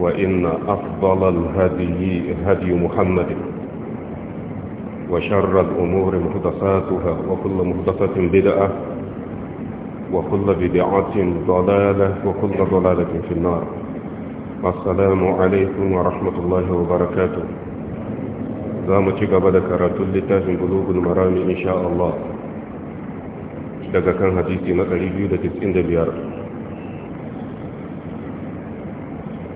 وإن أفضل الهدي هدي محمد وشر الأمور مهدساتها وكل مهدسة بدعة وكل بدعة ضلالة وكل ضلالة في النار السلام عليكم ورحمة الله وبركاته زامتي قبل كراتل لتاهم قلوب المرام إن شاء الله daga kan hadisi na 295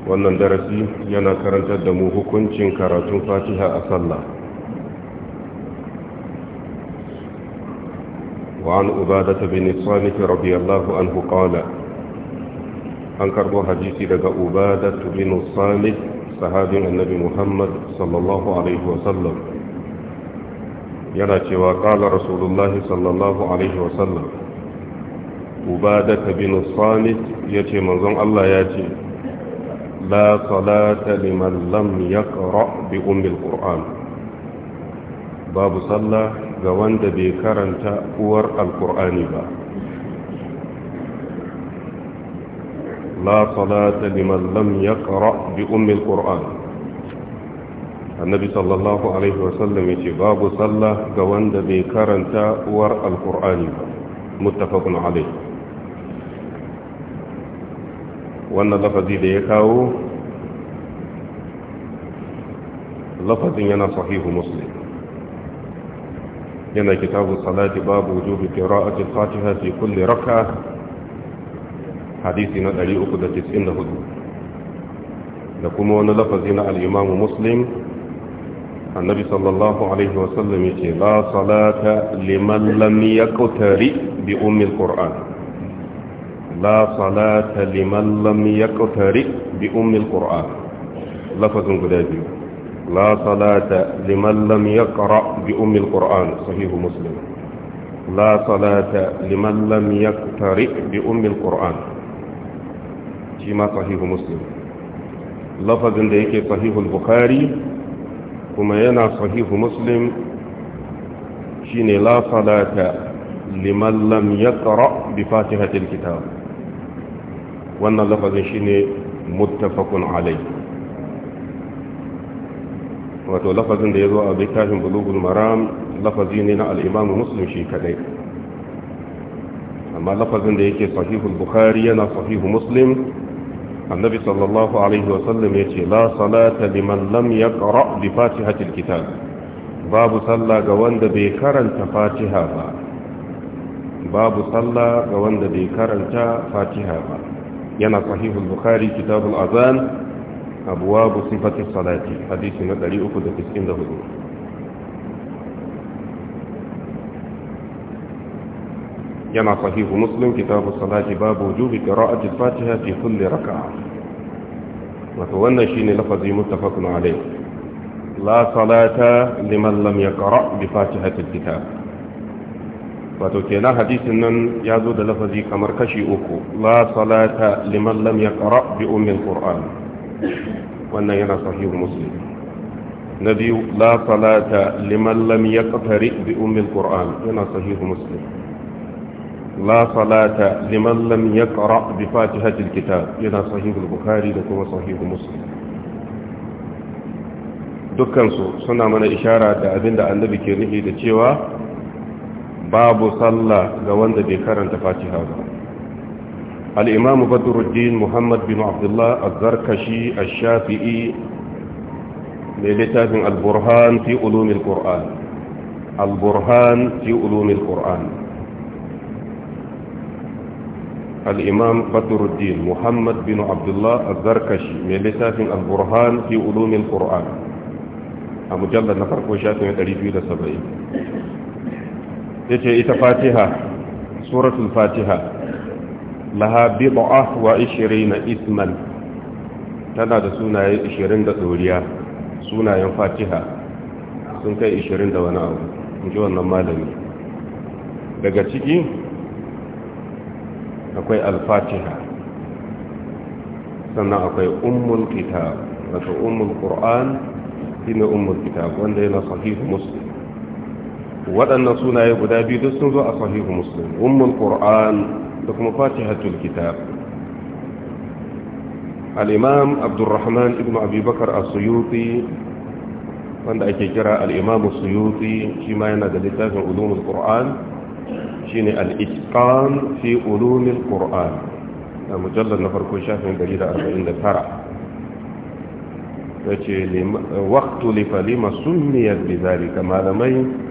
wannan darasi yana karantar da mu hukuncin karatun fatiha a sallah وعن أبادة بن الصامت رضي الله عنه قال أنكر حديث لك أبادة بن الصامت صحابي النبي محمد صلى الله عليه وسلم يرى وقال رسول الله صلى الله عليه وسلم أبادة بن الصامت يتي منظم الله يتي لا صلاة لمن لم يقرأ بأم القرآن باب صلى جوان دبي كرنت أور القرآن با لا صلاة لمن لم يقرأ بأم القرآن النبي صلى الله عليه وسلم باب صلى جوان دبي كرنت أور القرآن با متفق عليه wannan lafazi da ya kawo lafazin yana sahihu muslim yana kitabu salati babu wujubi qira'ati al-fatiha fi kulli rak'a hadisi na 394 da kuma wani lafazi na al-imam muslim annabi sallallahu alaihi wasallam yace la salata liman lam yaqtari bi ummi al-qur'an لا صلاة لمن لم يقترئ بأم القرآن لفظ قدادي لا صلاة لمن لم يقرأ بأم القرآن صحيح مسلم لا صلاة لمن لم يقترئ بأم القرآن كما صحيح مسلم لفظ ديك صحيح البخاري كما ينا صحيح مسلم شين لا صلاة لمن لم يقرأ بفاتحة الكتاب wannan lafazin shine muttafaqun alai wato lafazin da ya zo a littafin bulugul maram lafazi ne na al muslim shi kadai amma lafazin da yake sahihul bukhari yana sahihu muslim annabi sallallahu alaihi wasallam ce la salata liman lam yaqra bi fatihatil kitab babu sallah ga wanda bai karanta fatiha ba babu sallah ga wanda bai karanta fatiha ba yana sahihul bukhari kitabul azan abwabu sifati salati hadisi na 394 yana sahihu muslim kitabul salati babu wujubi qira'ati al-fatiha fi kulli rak'a wato wannan shine lafazi muttafaqun alayh la salata liman lam yaqra' bi fatihati al-kitab wato kenan hadisin nan ya zo da lafazi kamar kashi uku la salata liman lam ƙara bi ummil qur'an wannan yana sahih muslim na biyu la salata liman lam yaqtari bi ummil qur'an yana sahih muslim la salata liman lam ƙara bi fatihatil kitab yana sahih al da kuma sahih muslim Dukkansu suna mana ishara da abin da annabi ke nufi da cewa babu sallah ga wanda bai karanta fatiha ba al badruddin muhammad bin abdullah az-zarkashi a shafii da littafin al-burhan fi ulumil qur'an al-burhan fi ulumil qur'an الإمام بدر الدين محمد بن عبد الله الزركشي من لساف البرهان في علوم القرآن المجلد نفر كوشات من الريبيو ce ita fatiha suratul fatiha laha bid'ah wa na isman tana da sunaye 20 da doriya sunayen fatiha sun kai 20 da wani abu inji wannan malami daga ciki akwai al-fatiha sannan akwai ummul kitab wato ummul qur'an shine ummul kitab wanda yana sahihu muslim waɗannan sunaye guda biyu duk sun zo a sahihu muslim ummul qur'an da kuma fatihatul kitab al-imam abdurrahman ibn abi bakar as-suyuti wanda ake kira al-imam as-suyuti shi ma yana da littafin ulumul qur'an shine al-itqan fi ulumil qur'an a mujallar na farko shafin 149 ya ce waktu lifa lima sunniyar bizari malamai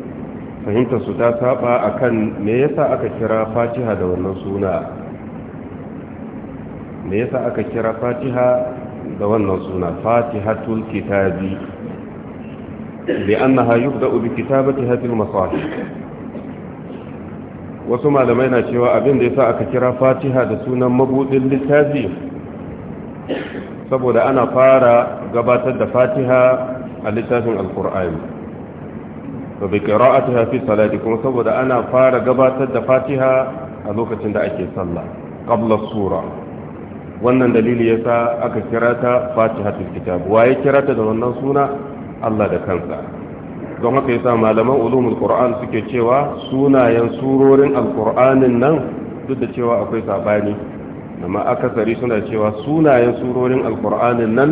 fahimtar su ta saba akan me yasa aka kira fatiha da wannan suna me yasa aka kira fatiha da wannan suna fatihatul kitabi لأنها يبدأ بكتابة هذه المصاحف wasu malamai na cewa abin da ya sa aka kira fatiha da sunan mabudin littafi saboda ana fara gabatar da fatiha a littafin alkur'ani wa bi qira'atiha fi salati kuma saboda ana fara gabatar da fatiha a lokacin da ake sallah qabla sura wannan dalili yasa aka kira ta fatihatul kitab waye kira ta da wannan suna Allah da kansa don haka yasa malaman ulumul qur'an suke cewa sunayen surorin alqur'anin nan duk da cewa akwai sabani amma akasari suna cewa sunayen surorin alqur'anin nan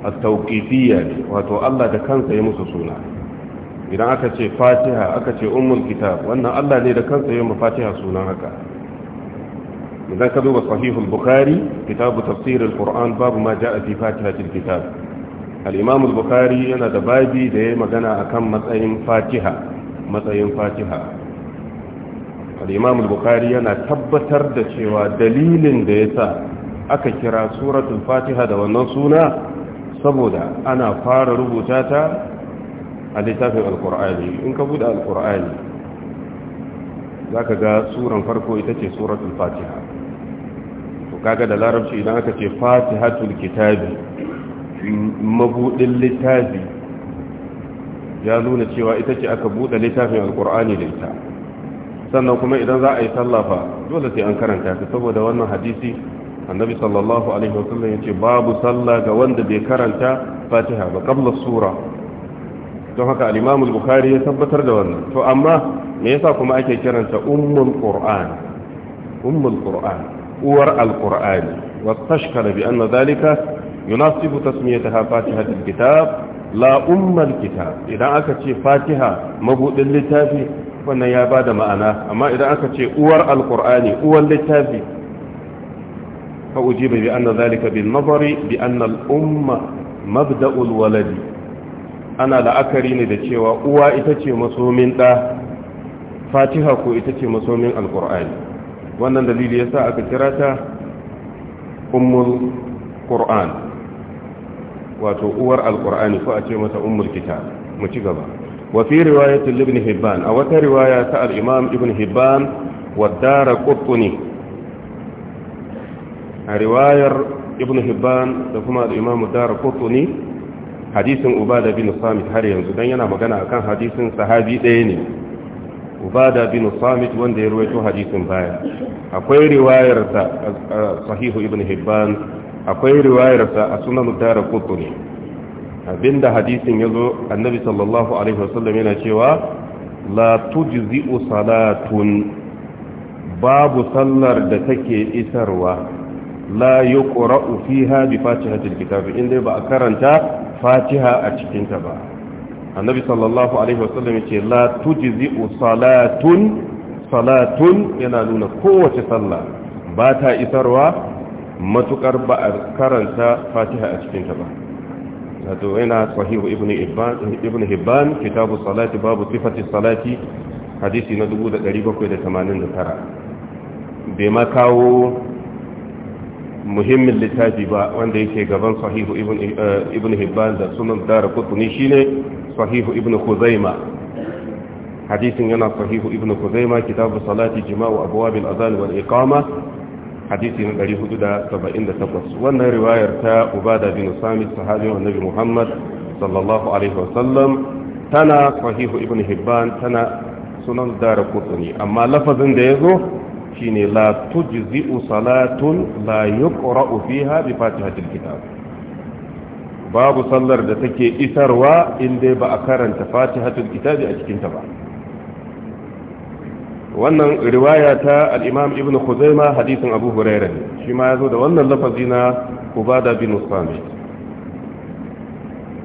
at-tawqifiyya wato Allah da kansa ya musu suna idan aka ce fatiha aka ce ummul kitab wannan Allah ne da kansa yayin fatiha sunan haka idan ka duba sahihul bukhari kitabu tafsir alquran babu ma jaa fi fatihatil kitab al-imam al-bukhari yana da babi da yayi magana akan matsayin fatiha matsayin fatiha al-imam al-bukhari yana tabbatar da cewa dalilin da yasa aka kira suratul fatiha da wannan suna saboda ana fara rubuta ta a littafin alkur'ani in ka buɗe alkur'ani za ka ga suran farko ita ce suratul fatiha to kaga da larabci idan aka ce fatihatul kitabi mabuɗin littafi ya nuna cewa ita ce aka buɗe littafin alkur'ani da ita sannan kuma idan za a yi sallafa dole sai an karanta ta saboda wannan hadisi annabi sallallahu alaihi wasallam ya ce babu sallah ga wanda bai karanta fatiha ba kabla sura don haka Alimamul Bukari ya tabbatar da wannan to amma me yasa kuma ake kiranta ummul Qur'an ummul Qur'an uwar al-Qur'an wa tashkara bi anna dhalika yunasibu tasmiyataha fatihatul kitab la ummal kitab idan aka ce fatiha mabudin littafi wannan ya bada ma'ana amma idan aka ce uwar al uwar littafi فأجيب بأن ذلك بالنظر بأن الأمة مبدأ الولد ana la'akari ne da cewa uwa ita ce masomin ɗa fatiha ko ita ce masomin alƙur'ani wannan dalili ya sa aka kira ta ummul ƙur'an wato uwar alƙur'ani ko a ce mata ummul kita mu ci gaba wafi riwayatul ibn hibban a wata riwaya ta al-imam ibn hibban wa dara qutni a riwayar ibn hibban da kuma al-imam dara qutni hadisin ubada bin samit har yanzu don yana magana a kan hadisin sahabi ɗaya ne ubada bin samit wanda ya ruwaito hadisin baya akwai riwayarsa a sahihu ibn hibban akwai riwayarsa a sunan dara ne. abinda hadisin ya zo annabi sallallahu alaihi wasallam yana cewa la tujzi'u salatun babu sallar da take isarwa la yuqra'u fiha bi fatihatil kitab inda ba a karanta fatiha a cikinta ba annabi sallallahu alaihi wasallam yace la tujzi'u salatun salatun yana nuna kowace sallah ba ta isarwa matukar ba a karanta fatiha a cikinta ba wato yana sahihu ibnu ibban ibnu hibban kitabu salati babu sifati salati hadisi na 1789 bai ma kawo muhimmin littafi ba wanda yake gaban sahihu ibn eh, hibban da sunan dara kutuni shine sahihu ibn kuzaima hadisin yana sahihu ibn kuzaima kitabu salati jima'u abuwabil azan wal iqama hadisi na 478 wannan riwayar ta ubada bin samit sahabin annabi muhammad sallallahu alaihi wasallam tana sahihu ibn hibban tana sunan dara kutuni amma lafazin da ya zo shine la tujzi'u salatun la yuqra'u fiha bi fatihatil kitab babu sallar da take isarwa inda ba a karanta fatihatul kitabi a cikinta ba wannan riwaya ta al-imam ibn khuzaima hadisin abu huraira ne shi ma yazo da wannan lafazi na ubada bin Usman.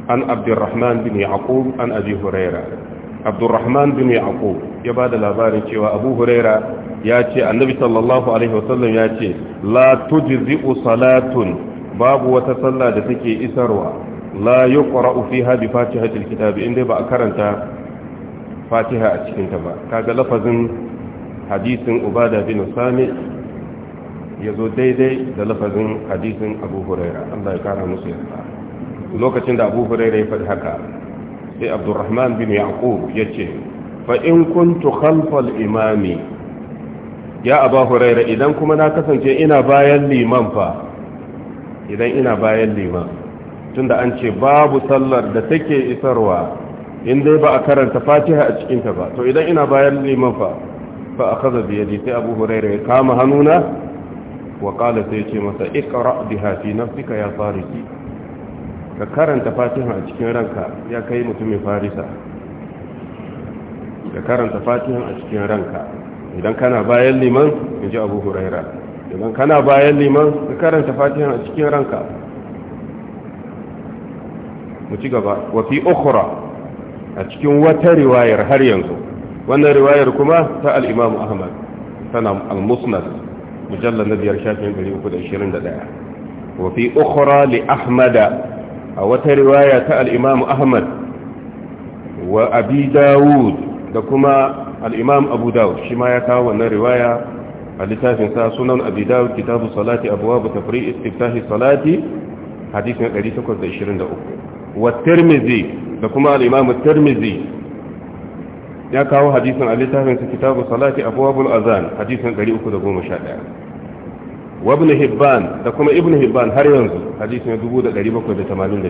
an abdurrahman bin yaqub an abi huraira abdurrahman bin yaqub ya ba da labarin cewa abu huraira ya ce annabi sallallahu alaihi wasallam ya ce la tujzi'u salatun babu wata sallah da take isarwa la yuqra'u fiha bi fatihatil kitabi inda ba a karanta fatiha a cikin ta ba kaga lafazin hadisin ubada bin sami yazo daidai da lafazin hadisin abu huraira Allah ya kara musu lokacin da abu huraira ya faɗi haka sai abdurrahman bin yaqub ya fa in kuntu khalfal imami ya aba huraira idan kuma na kasance ina bayan liman fa idan ina bayan liman tunda an ce babu sallar da take isarwa in dai ba a karanta fatiha a cikinta ba to idan ina bayan liman fa fa akhadha bi yadi sai abu huraira ya kama hannuna wa qala sai ce masa iqra biha na nafsika ya fariki ka karanta fatiha a cikin ranka ya kai mutumin farisa ka karanta fatiha a cikin ranka idan kana bayan liman in ji abu huraira idan kana bayan liman ka karanta fatiha a cikin ranka mu ci gaba wafi okura a cikin wata riwayar har yanzu wannan riwayar kuma ta al'imamu ahmad tana al-musnad mujallar na biyar shafin 321 wafi okura li ahmada a wata riwaya ta al'imam ahmad wa abi dawud da kuma al'imam abu dawud shi ma ya kawo wannan riwaya a littafin sa sunan abi dawud kitabu salati abuwa bu tafri istiftahi salati hadisin 823 wa tirmizi da kuma al'imam tirmizi ya kawo hadisin a littafin sa kitabu salati abuwa bu azan hadisin 311 wa hibban da kuma ibn hibban har yanzu hadisi na 1785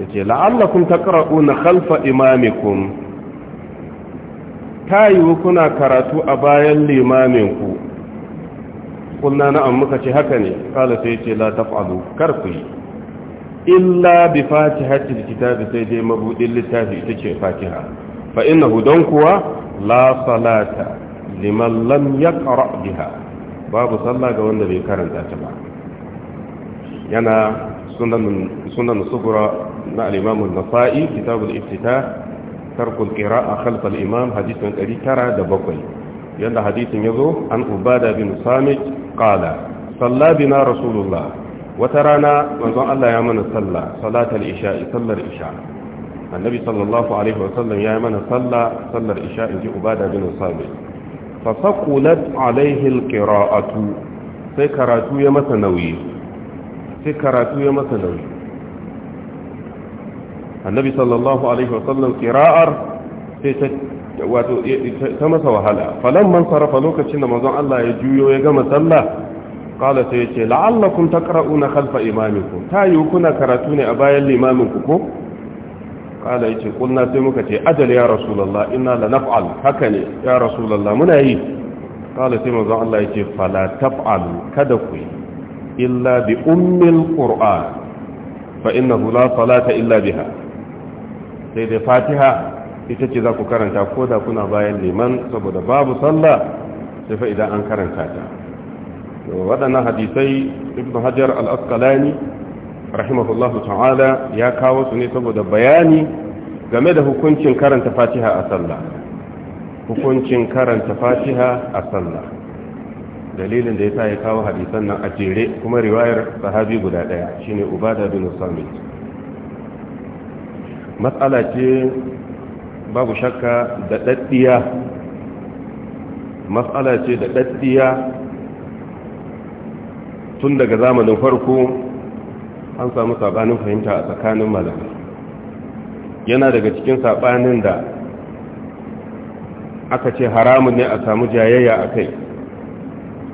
yace la'allakum taqra'una imamikun. Ta tayiwu kuna karatu a bayan limaminku kulna na'am muka ce haka ne kala sai yace la taf'alu kar ku yi illa bi fatihatil kitabi sai dai mabudin littafi ita ce fatiha fa innahu don kuwa la salata liman lam yaqra biha babu sallah ga wanda bai karanta ta ba yana sunan sugura na al'imamun nasa'i kitabul iftita tarkul qira'a khalf al-imam hadithun bakwai. yanda hadithun yazo an ubada bin samit qala salla bina rasulullah wata rana manzon Allah ya mana sallah salatul isha'i sallar isha'i annabi sallallahu alaihi wasallam ya mana sallah sallar isha in ji ubada bin sabit fasakulat alaihil kira'atu sai karatu ya masa nauyi sai karatu ya masa nauyi annabi sallallahu alaihi wasallam kira'ar sai ta wato ta masa wahala falan man sarrafa lokacin da manzon Allah ya juyo ya gama sallah qala sai yace la'allakum taqra'una khalfa imamikum tayu kuna karatu ne a bayan limaminku ko kala yace kunna sai muka ce ajal ya rasulullah inna la naf'al haka ne ya rasulullah muna yi kala sai manzon Allah yace fala taf'al kada ku illa bi ummil qur'an fa innahu la salata illa biha sai da fatiha ita ce za ku karanta ko da kuna bayan liman saboda babu sallah sai fa idan an karanta ta waɗannan hadisai ibnu hajar al-asqalani rahimahullahu ta'ala ya kawo su ne saboda bayani game da hukuncin karanta fatiha a sallah hukuncin karanta fatiha a sallah dalilin da ya sa ya kawo hadisan nan a jere kuma riwayar sahabi guda daya shine ubada bin samit matsala ce babu shakka da daddiya matsala ce da daddiya tun daga zamanin farko an samu sabanin fahimta a tsakanin malamai yana daga cikin sabanin da aka ce haramun ne a samu jayayya a kai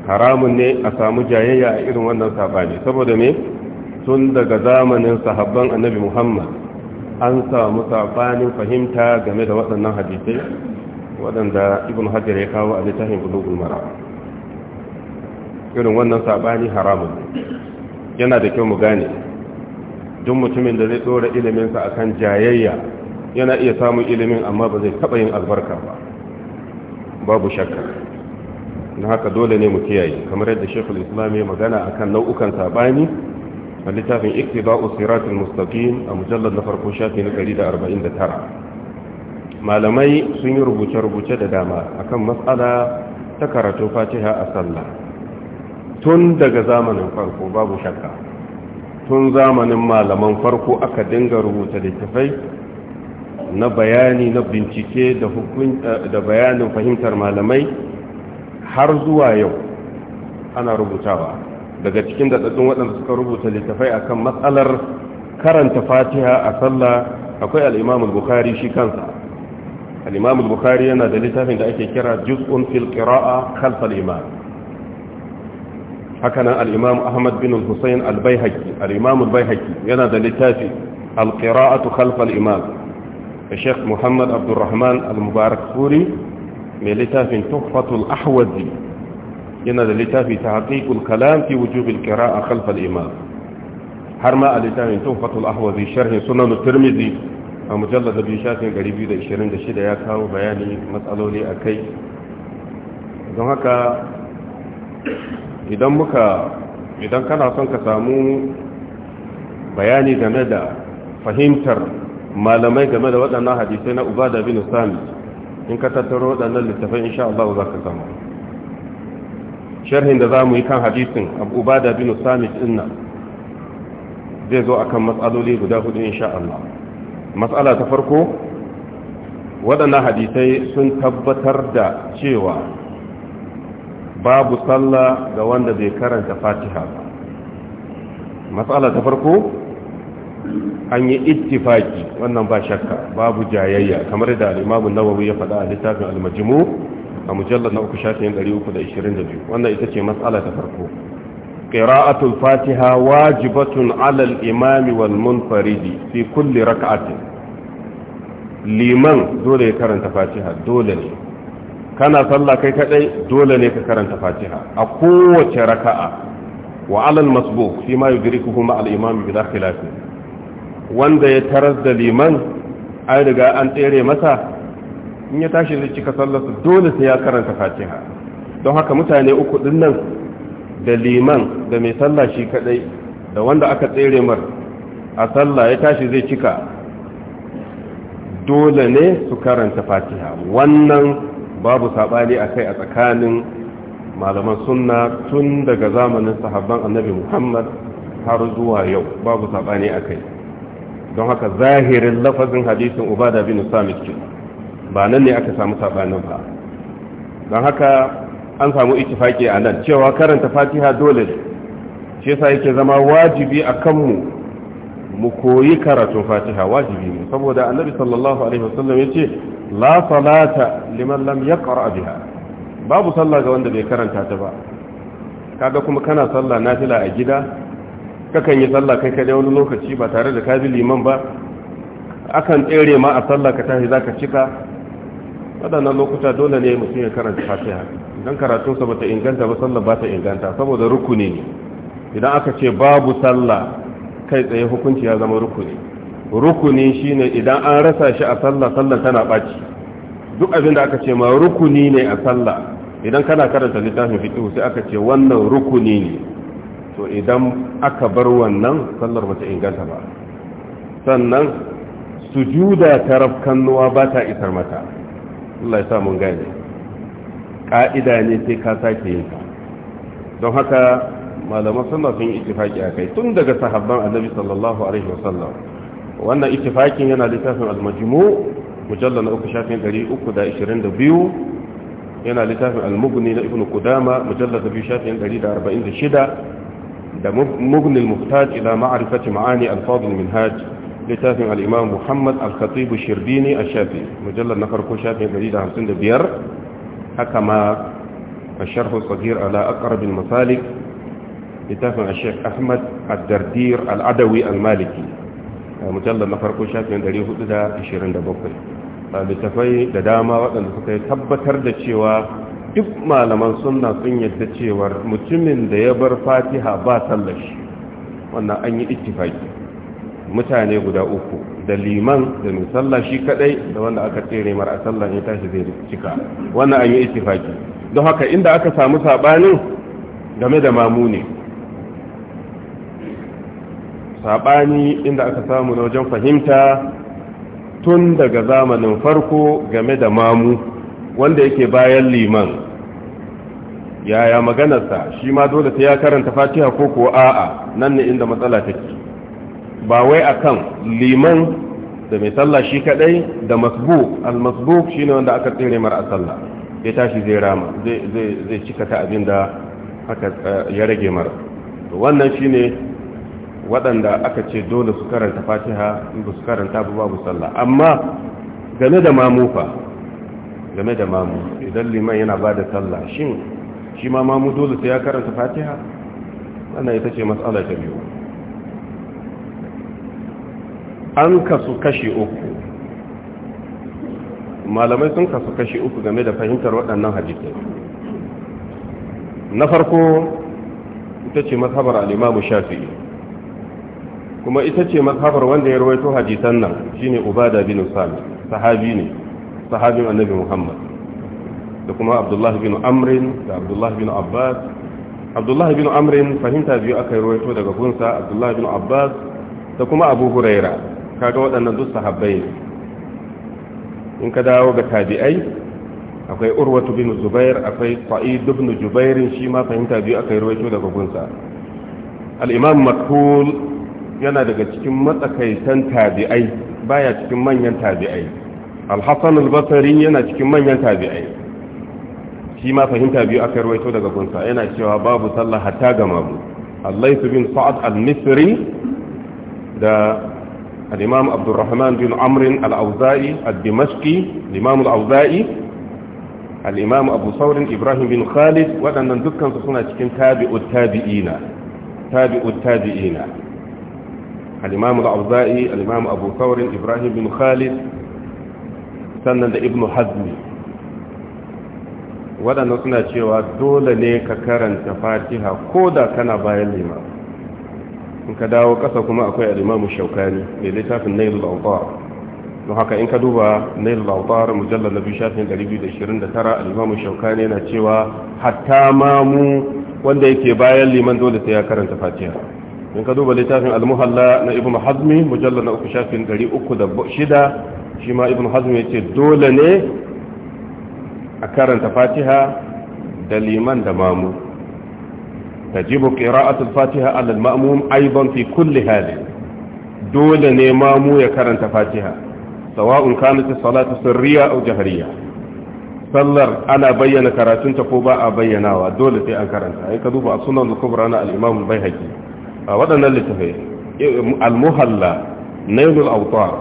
haramun ne a samu jayayya a irin wannan sabani saboda me tun daga zamanin sahabban annabi muhammad an samu sabanin fahimta game da waɗannan hadisai waɗanda ibn hajjar ya kawo a littafin bulugul mara irin wannan sabani haramun yana da kyau mu gane duk mutumin da zai tsora iliminsa akan jayayya yana iya samun ilimin amma ba zai taɓa yin albarka ba babu shakka na haka dole ne mu kiyaye kamar yadda shekul islam ya magana akan nau'ukan sabani a littafin iktiba'u siratun mustaqim a mujallar na farko shafi na 149 malamai sun yi rubuce-rubuce da dama akan matsala ta karatu fatiha a sallah tun daga zamanin farko babu shakka tun zamanin malaman farko aka dinga rubuta littafai na bayani na bincike da bayanin fahimtar malamai har zuwa yau ana rubutawa daga cikin daɗaɗɗun waɗanda suka rubuta littafai akan matsalar karanta fatiha a sallah akwai al'imamul bukari shi kansa al'imamul bukari yana da littafin da ake kira juz'un fil qira'a khalfal imam haka nan al-imam ahmad bin al-husayn al-baihaqi al al-baihaqi yana da littafi al-qira'atu khalf al-imam الشيخ محمد عبد الرحمن المبارك فوري من لتاف تحفة الأحوذي yana da littafi ta haƙiƙul kalam fi wujubin kira a khalfal imam har ma a littafin tuhfatul ahwazi sharhin sunan tirmidhi a mujallar da biyu shafin 226 ya kawo bayani matsaloli a kai don haka idan muka idan kana son ka samu bayani game da fahimtar malamai game da waɗannan hadisai na da bin sami in ka tattaro waɗannan littafai insha Allah za ka zama, sharhin da za mu yi kan hadisin abu da bin sami inna zai zo akan matsaloli guda hudu insha Allah matsala ta farko waɗannan hadisai sun tabbatar da cewa babu sallah ga wanda bai karanta fatiha ba matsala ta farko an yi ittifaki wannan ba shakka babu jayayya kamar da al'imamun nawawi ya faɗa a littafin almajimu a mujallar na uku shafin 322 wannan ita ce matsala ta farko qira'atul fatiha wajibatun alal imami wal munfaridi fi kulli raka'atin liman dole ya karanta fatiha dole ne kana sallah kai kadai dole ne ka karanta fatiha a kowace raka'a wa alal masbuq fi ma yudrikuhu ma al imam bi dakhilati wanda ya tarar da liman ai daga an tsere masa in ya tashi zai cika sallar dole sai ya karanta fatiha don haka mutane uku din nan da liman da mai sallah shi kadai da wanda aka tsere mar a sallah ya tashi zai cika dole ne su karanta fatiha wannan babu saɓani a kai a tsakanin malaman sunna tun daga zamanin sahabban annabi muhammad har zuwa yau babu saɓani a kai don haka zahirin lafazin hadisin ubada bin samit ba nan ne aka samu saɓanin ba don haka an samu ikifaki a nan cewa karanta fatiha dole ne shi sa yake zama wajibi a kanmu mu koyi karatun fatiha wajibi ne saboda annabi sallallahu alaihi wasallam ya ce la salata liman lam yaqra biha babu sallah ga wanda bai karanta ta ba kaga kuma kana sallah nafila a gida kakan yi sallah kai kada wani lokaci ba tare da kabi liman ba akan tsere ma a sallah ka tashi zaka cika waɗannan lokuta dole ne mutum ya karanta fatiha idan karatunsa bata inganta ba sallah bata inganta saboda rukuni ne idan aka ce babu sallah kai tsaye hukunci ya zama rukuni rukuni shine idan an rasa shi a sallah sallah tana baci duk abin da aka ce ma rukuni ne a sallah idan kana karanta littafin fiqh sai aka ce wannan rukuni ne to idan aka bar wannan sallar bata inganta ba sannan sujuda ta rafkannuwa ba ta isar mata Allah ya sa mun gane ka'ida ne sai ka sake yin ta don haka malaman sunna sun yi ittifaki akai tun daga sahabban annabi sallallahu alaihi wasallam wannan ittifakin yana littafin al-majmu mujallal na uku shafin 322 yana littafin al-mughni na ibnu qudama mujallal da biyu shafin 146 da mughni al-muhtaj ila ma'rifati ma'ani al-fadl minhaj littafin al-imam muhammad al-khatib shirbini al-shafi mujallal na farko shafin 155 haka ma الشرح الصغير على أقرب المسالك لتافع الشيخ أحمد الدردير العدوي المالكي mujallar na farko shafin 427 littafai da dama waɗanda suka yi tabbatar da cewa duk malaman suna sun yadda cewar mutumin da ya bar fatiha ba sallashi wannan an yi ittifaki mutane guda uku da liman da mai sallashi kadai da wanda aka tsere mara a ya tashi zai cika wannan an yi ittifaki don haka inda aka samu sabanin game da mamu ne saɓani inda aka samu na wajen fahimta tun daga zamanin farko game da mamu wanda yake bayan liman yaya maganarsa shi ma dole ta ya karanta fatiha ko ko a'a nan ne inda matsala take ba wai akan liman da mai sallah shi kadai da masbu al shi shine wanda aka tsere mara a sallah ya tashi zai rama zai cika ta abinda da eh, ya rage mara wannan shine waɗanda aka ce dole su karanta fatiha ba su karanta ba babu sallah amma game da mamu fa game da mamu idan liman yana ba da sallah shin shi ma mamu dole su ya karanta fatiha wannan ita ce matsala ta biyu an kasu kashi uku malamai sun kasu kashi uku game da fahimtar waɗannan hadisai na farko ita ce mazhabar al'imamu shafi'i kuma ita ce mazhabar wanda ya rawaito hadisan nan shine ubada bin sami sahabi ne sahabin annabi muhammad da kuma abdullahi bin amrin da abdullahi bin abbas abdullahi bin amrin fahimta biyu aka yi rawaito daga gunsa abdullahi bin abbas da kuma abu huraira kaga waɗannan duk sahabbai ne in ka dawo ga tabi'ai akwai urwatu bin zubair akwai sa'id ibn jubair shi ma fahimta biyu aka yi rawaito daga gunsa al-imam makhul yana daga cikin matsakaitan tabi'ai baya cikin manyan tabi'ai al-hasan al-basri yana cikin manyan tabi'ai shi ma fahimta biyu aka rawaito daga gunsa yana cewa babu sallah hatta ga mamu al-layth bin sa'ad al-misri da al-imam abdurrahman bin amr al-awza'i al-dimashqi imam al-awza'i al-imam abu thawr ibrahim bin khalid wadannan dukkan su suna cikin tabi'ut tabi'ina tabi'ut tabi'ina al-imam al-auza'i abu thawr ibrahim bin khalid sannan da ibnu hazmi waɗanda suna cewa dole ne ka karanta fatiha ko da kana bayan limam in ka dawo ƙasa kuma akwai al-imam shaukani mai littafin nailul awtar don haka in ka duba nail lautar mujallar na biyu shafin 229 alimamu shaukani yana cewa hatta mamu wanda yake bayan liman dole sai ya karanta fatiha in ka duba littafin almuhalla na ibn hazmi mujallar na uku shafin ɗari uku da shida shi ma ibn hazmi ya ce dole ne a karanta fatiha da liman da mamu tajibu qira'atul fatiha ala al-ma'mum fi kulli hali dole ne mamu ya karanta fatiha sawa'un kanat salatu sirriya au jahriya sallar ana bayyana karatunta ko ba a bayyanawa dole sai an karanta ai ka duba sunan kubra na al-imam al-baihaqi a waɗannan littafai al-muhalla nailul autar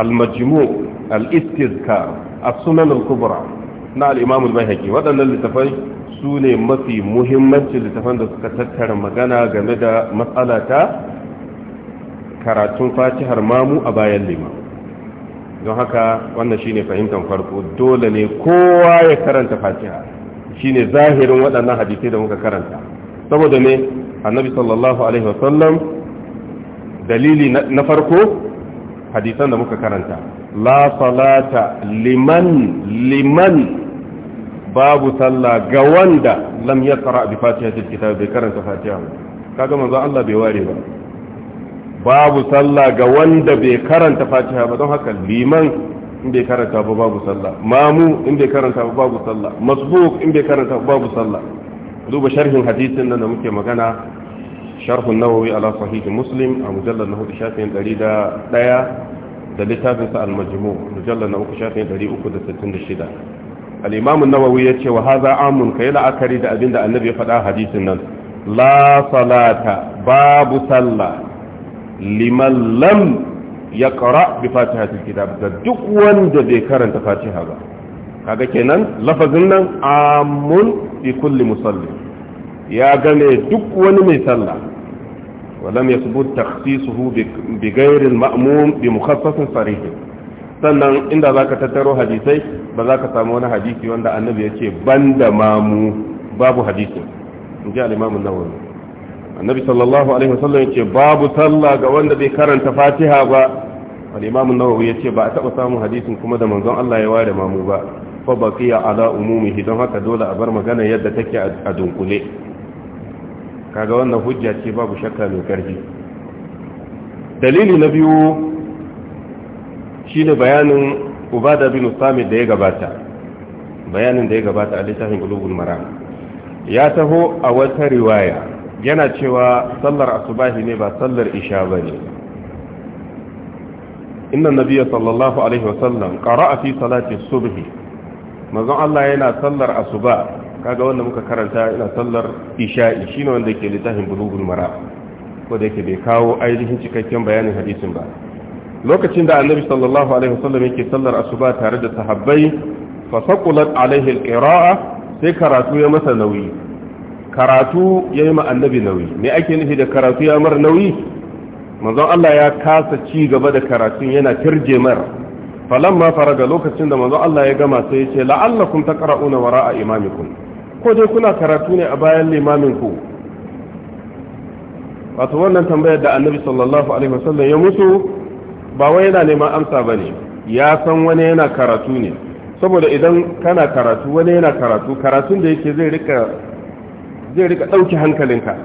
al-majmu al-istizkar as-sunan al-kubra na al-imam al-bayhaqi waɗannan littafai su ne mafi muhimmancin littafan da suka tattara magana game da matsala ta karatun fatihar mamu a bayan lima don haka wannan shine fahimtar farko dole ne kowa ya karanta fatiha shine zahirin waɗannan hadisai da muka karanta saboda ne annabi sallallahu alaihi wasallam dalili na farko hadisan da muka karanta la salata liman liman babu sallah ga wanda lam yaqra bi fatihatil kitab bai karanta fatiha ba kaga manzo Allah bai ware ba babu sallah ga wanda bai karanta fatiha ba don haka liman in bai karanta ba babu sallah mamu in bai karanta ba babu sallah masbuk in bai karanta ba babu sallah duba sharhin hadisin nan da muke magana sharhun nawawi ala sahihi muslim a mujallar na hudu shafin ɗari da ɗaya da littafinsa almajimu mujallar na uku shafin ɗari uku da sittin da shida al'imamun nawawi ya ce wa za amun ka yi la'akari da abin da annabi ya faɗa hadisin nan la salata babu sallah liman lam ya ƙara bi fatiha kitab da duk wanda bai karanta fatiha ba kaga kenan lafazin nan amun bi kulli musalli ya gane duk wani mai sallah walam yasbut takhsisuhu bi ghairi al-ma'mum bi mukhassasin sarih sannan inda zaka tattaro hadisai ba za ka samu wani hadisi wanda annabi ya ce banda mamu babu hadisi. in ji al-imam an-nawawi annabi sallallahu alaihi wasallam yace babu sallah ga wanda bai karanta fatiha ba al-imam an-nawawi yace ba a taba samun hadisin kuma da manzon Allah ya ware mamu ba fa baqiya ala umumihi don haka dole a bar magana yadda take a dunkule kaga wannan hujja ce babu shakka mai karfi dalili na biyu shine bayanin ubada bin samit da ya gabata bayanin da ya gabata a littafin gulubul maram ya taho a wata riwaya yana cewa sallar asubahi ne ba sallar isha ne. inna nabiyya sallallahu alaihi wasallam a fi salati subhi manzon Allah yana sallar asuba kaga wanda muka karanta yana sallar isha'i shine wanda ke littafin bulugun mara ko da yake bai kawo ainihin cikakken bayanin hadisin ba lokacin da annabi sallallahu alaihi wasallam yake sallar asuba tare da sahabbai fa saqulat alaihi alqira'a sai karatu ya masa nauyi karatu ya yi ma annabi nauyi me ake nufi da karatu ya mar nauyi manzon Allah ya kasa ci gaba da karatun yana tirje mara ma fara ga lokacin da manzo Allah ya gama sai ya yace la'allakum taqra'una wara'a imamikum ko dai kuna karatu ne a bayan limamin ku wato wannan tambayar da annabi sallallahu alaihi wasallam ya mutu ba wai yana neman amsa bane ya san wani yana karatu ne saboda idan kana karatu wani yana karatu karatun da yake zai rika zai rika dauki hankalinka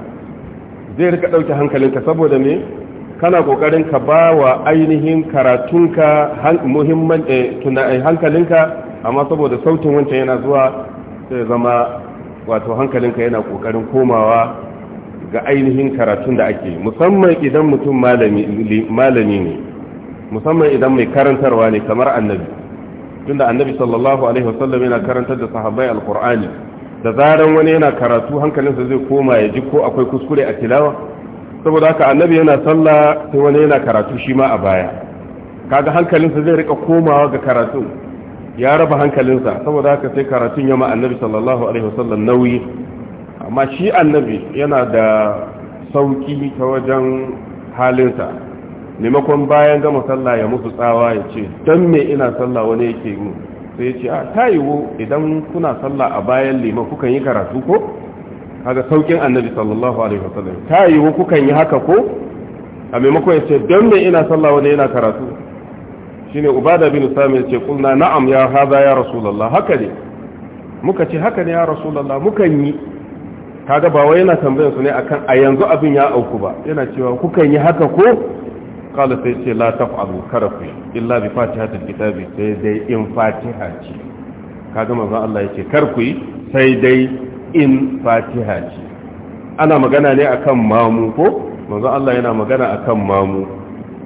zai rika dauki hankalinka saboda me kana kokarin ka ba wa ainihin karatunka muhimman eh, eh, hankalinka amma saboda sautin wancan yana zuwa sai zama wato hankalinka yana kokarin komawa ga ainihin karatun da ake musamman idan mutum malami ne musamman idan mai karantarwa ne kamar annabi tunda annabi sallallahu alaihi wasallam yana karantar da sahabbai alqur'ani da zaran wani yana karatu hankalinsa zai koma ya ji ko akwai kuskure a tilawa saboda haka annabi yana sallah sai wani yana karatu shi ma a baya kaga hankalinsa zai rika komawa ga karatun ya raba hankalinsa saboda haka sai karatun ma annabi sallallahu alaihi wasallam nauyi amma shi annabi yana da sauki ta wajen halinsa maimakon bayan gama sallah ya musu tsawa ya ce don me ina sallah wani yake mu sai ya ce a ah, ta yiwu idan kuna sallah a bayan liman kukan yi karatu ko kaga saukin annabi sallallahu alaihi wasallam ta yiwu kukan yi haka ko a maimakon ya ce don me ina sallah wani yana karatu shine ubada bin sami ya ce kulna na'am ya haza ya rasulullah haka ne muka ce haka ne ya rasulullah mukan yi kaga ba wai yana tambayar su ne akan a yanzu abin ya auku ba yana cewa kukan yi haka ko kala sai ce la taf'alu karafu illa bi fatihatil kitabi sai dai in fatiha ce kaga manzon Allah yake kar ku yi sai dai in fatiha ce ana magana ne akan mamu ko manzo Allah yana magana akan mamu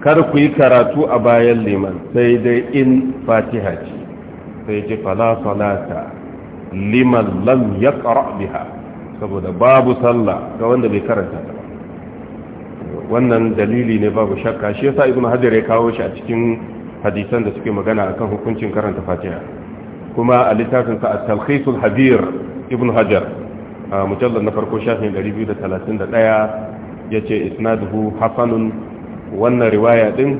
kar ku yi karatu a bayan liman sai dai in fatiha ce sai ce fala salata liman lam yaqra biha saboda babu sallah ga wanda bai karanta ta wannan dalili ne babu shakka shi yasa ibnu hajar ya kawo shi a cikin hadisan da suke magana akan hukuncin karanta fatiha kuma a littafin a at-talkhisul habir ibn hajar a mujallar na farko shafin 231 yace isnaduhu hasanun wannan riwaya din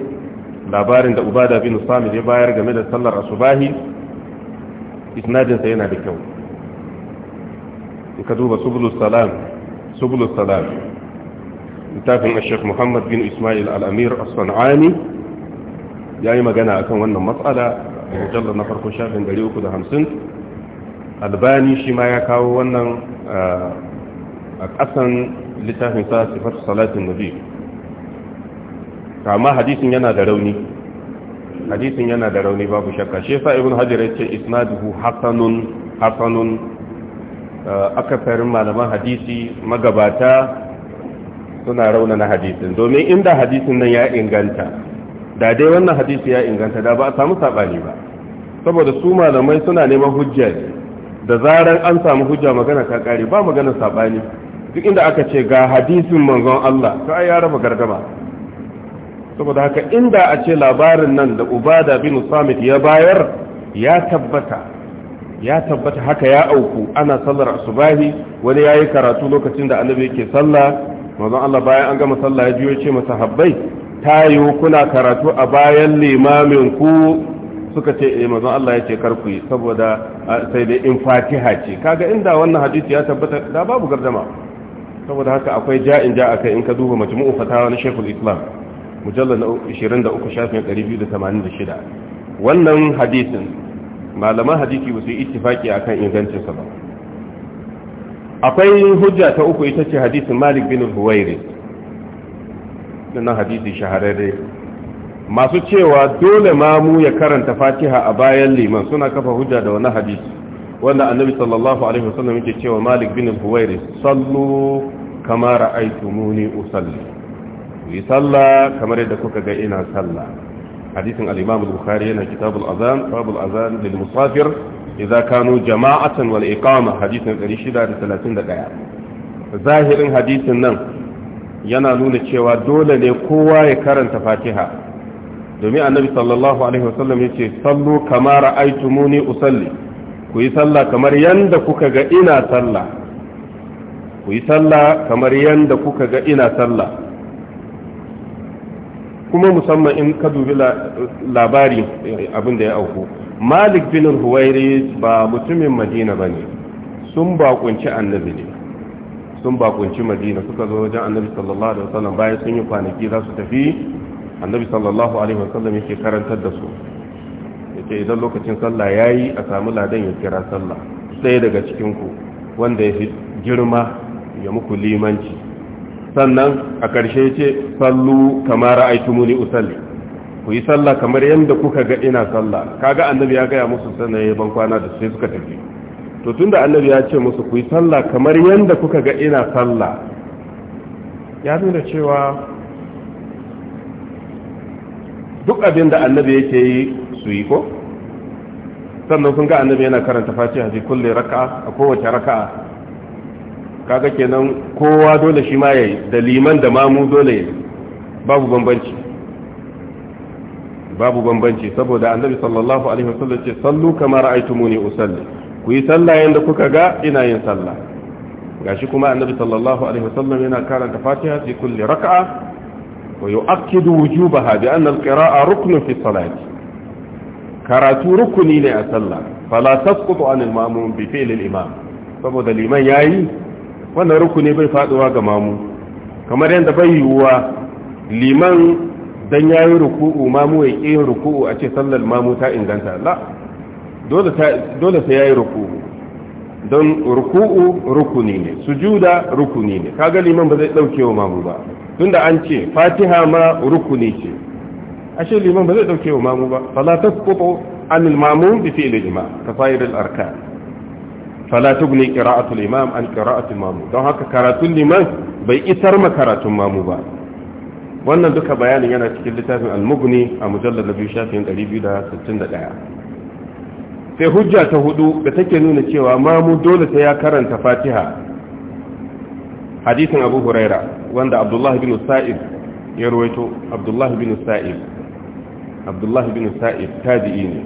labarin da ubada bin samir ya bayar game da sallar asubahi isnadinsa yana da kyau in ka duba subulus salam littafin ash muhammad bin isma'il al-amir as-sanani yayi magana akan wannan matsala mujallar na farko shafin 350 albani shi ma ya kawo wannan a ƙasan littafin sa sifar salatin nabi kama hadisin yana da rauni hadisin yana da rauni babu shakka shi sa ibn hajar ya ce isnaduhu hasanun hasanun farin malaman hadisi magabata suna raunana hadisin domin inda hadisin nan ya inganta da dai wannan hadisi ya inganta da ba a samu sabani ba saboda su malamai suna neman hujja ne da zaran an samu hujja magana ta kare ba magana sabani duk inda aka ce ga hadisin manzon Allah to ai ya raba gargama saboda haka inda a ce labarin nan da Ubada bin Samit ya bayar ya tabbata ya tabbata haka ya auku ana sallar asubahi wani yayi karatu lokacin da annabi yake sallah manzon Allah bayan an gama sallah ya biyo ce masa habbai Ta yi kuna karatu a bayan limamin ku suka ce eh manzon Allah ya ce karku yi saboda sai dai in fatiha ce kaga inda wannan hadisi ya tabbata da babu gardama saboda haka akwai ja'in ja'a kai in ka duba majmu'u fatawa na Sheikhul Islam mujallal 23 shafin 286 wannan hadisin malaman hadisi ba su yi ittifaki akan ingancin sa ba akwai hujja ta uku ita ce hadisin Malik bin Huwairi na hadisi shahararre masu cewa dole mamu ya karanta fatiha a bayan liman suna kafa hujja da wani hadisi wanda annabi sallallahu alaihi wasallam yake cewa malik bin al-huwairi sallu kama ra'aytumuni usalli yi sallah kamar yadda kuka ga ina sallah hadisin al-imam al-bukhari yana kitab al-azan bab al-azan lil musafir idza kanu jama'atan wal iqama hadisin 631 zahirin hadisin nan yana nuna cewa dole ne kowa ya karanta fatiha domin annabi sallallahu alaihi wasallam ya ce sallu kamar ra'aitumuni usalli ku yi sallah kamar yanda kuka ga ina sallah ku yi sallah kamar yanda kuka ga ina sallah kuma musamman in ka dubi labari eh, abin da ya auku malik bin huwairi ba mutumin madina bane sun bakunci annabi ne sun bakunci madina suka zo wajen annabi sallallahu alaihi wasallam bayan sun yi kwanaki za su tafi annabi sallallahu alaihi wasallam yake karantar da su yake idan lokacin sallah yayi a samu ladan ya kira sallah sai daga cikin ku wanda ya girma ya muku limanci sannan a ƙarshe ce sallu kamar ra'aytumuni usalli ku yi sallah kamar yadda kuka ga ina sallah ga annabi ya gaya musu sannan ya ban kwana da sai suka tafi to tunda annabi ya ce musu ku yi sallah kamar yanda kuka ga ina sallah ya nuna cewa duk abin da annabi yake yi su yi ko sannan kun ga annabi yana karanta fatiha fi kulli raka'a a kowace raka'a kaga kenan kowa dole shi ma yayi da liman da mamu dole yayi babu bambanci babu bambanci saboda annabi sallallahu alaihi wasallam ce sallu kama ra'aytumuni usalli ku yi sallah yadda kuka ga ina yin sallah gashi kuma annabi sallallahu alaihi wasallam yana karanta fatiha fi kulli raka'a wa yu'akkidu wujubaha bi anna al-qira'a ruknun fi salati karatu rukuni ne a sallah fala tasqutu an al-ma'mum bi fi'l al-imam saboda liman yayi wannan rukuni bai faduwa ga mamu kamar yadda bai yiwuwa liman dan yayi ruku'u mamu ya yi ruku'u a ce sallar mamu ta inganta la dole ta ya yi ruku'u don ruku'u rukuni ne sujuda rukuni ne Ka kaga liman ba zai ɗauke wa mamu ba tunda an ce fatiha ma rukuni ce ashe liman ba zai ɗauke wa mamu ba fala tasqutu an al-mamum bi fi'l al-imam ka fa'ir al-arkan fala tugni qira'atu al-imam an qira'ati mamu. don haka karatun liman bai isar ma karatun mamu ba wannan duka bayanin yana cikin littafin al-mughni a mujallad 261 sai hujja ta hudu da take nuna cewa mamu dole sai ya karanta fatiha hadisin abu huraira wanda abdullahi bin sa'id ya ruwaito abdullahi bin sa'id abdullahi bin sa'id tabi'i ne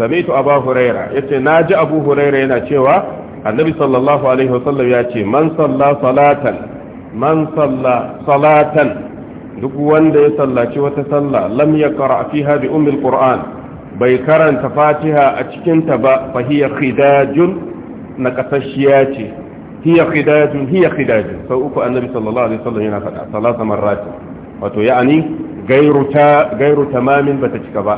sami'tu abu huraira na ji abu huraira yana cewa annabi sallallahu alaihi wasallam ya ce man salla salatan man salla salatan duk wanda ya sallaci wata sallah lam yaqra fiha bi ummil qur'an bai karanta fatiha a cikinta ba Fa fahiyar khidajun na kasashiya ce hiya khidajun hiya khidajun sau uku annabi sallallahu alaihi wasallam yana faɗa salasa marrati wato ya'ani gairuta gairu tamamin bata cika ba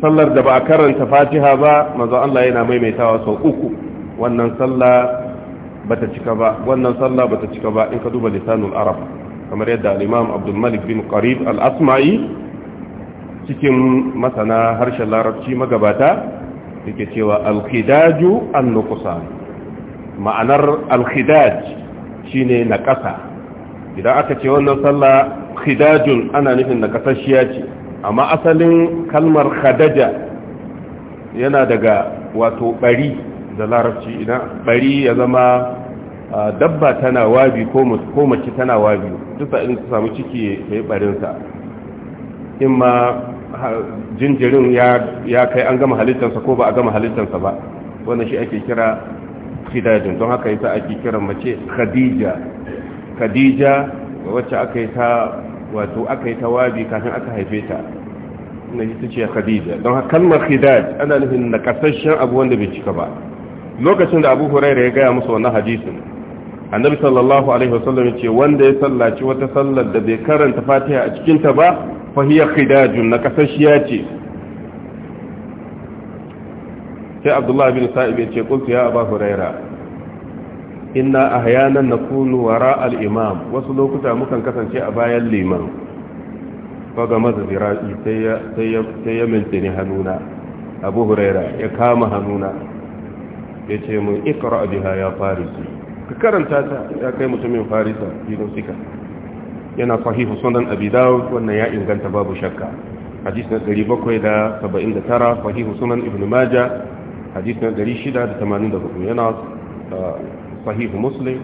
sallar da ba a karanta fatiha ba manzo Allah yana maimaitawa sau uku wannan sallah bata cika ba wannan sallah bata cika ba in ka duba lisanul arab kamar yadda al-imam abdul malik bin qarib al-asma'i cikin masana harshen larabci magabata yake cewa alkhidaju an nuqsan ma'anar alkhidaj shine na ƙasa idan aka ce wannan sallah khidajun ana nufin na ƙasashiya ce amma asalin kalmar khadaja yana daga wato bari da larabci idan bari ya zama dabba tana wabi ko mace tana wabi duk sa'in in samu ciki ya yi barinsa in ma jinjirin ya kai an gama halittarsa ko ba a gama halittarsa ba wannan shi ake kira khidajin don haka yasa ake kira mace khadija khadija wacce aka yi ta wato aka yi ta wabi kafin aka haife ta na ta ce khadija don haka kalmar khidaj ana nufin kasashen abu wanda bai cika ba lokacin da abu huraira ya gaya musu wannan hadisin annabi sallallahu alaihi wasallam ya ce wanda ya sallaci wata sallar da bai karanta fatiha a cikinta ba fahiyar khidajun na kasashiya ce sai abdullahi bin sa'ib ya ce kuntu ya abu huraira inna ahyanan nakunu wara al-imam wasu lokuta mukan kasance a bayan liman faga maza zira'i sai ya mintini hannuna abu huraira ya kama hannuna ya ce mun ikra biha ya farisi ka karanta ta ya kai mutumin farisa dino sika yana sahihu sunan abi dawud wannan ya inganta babu shakka hadis na 779 sahihu sunan ibn maja hadis na 684 yana ah, sahihu muslim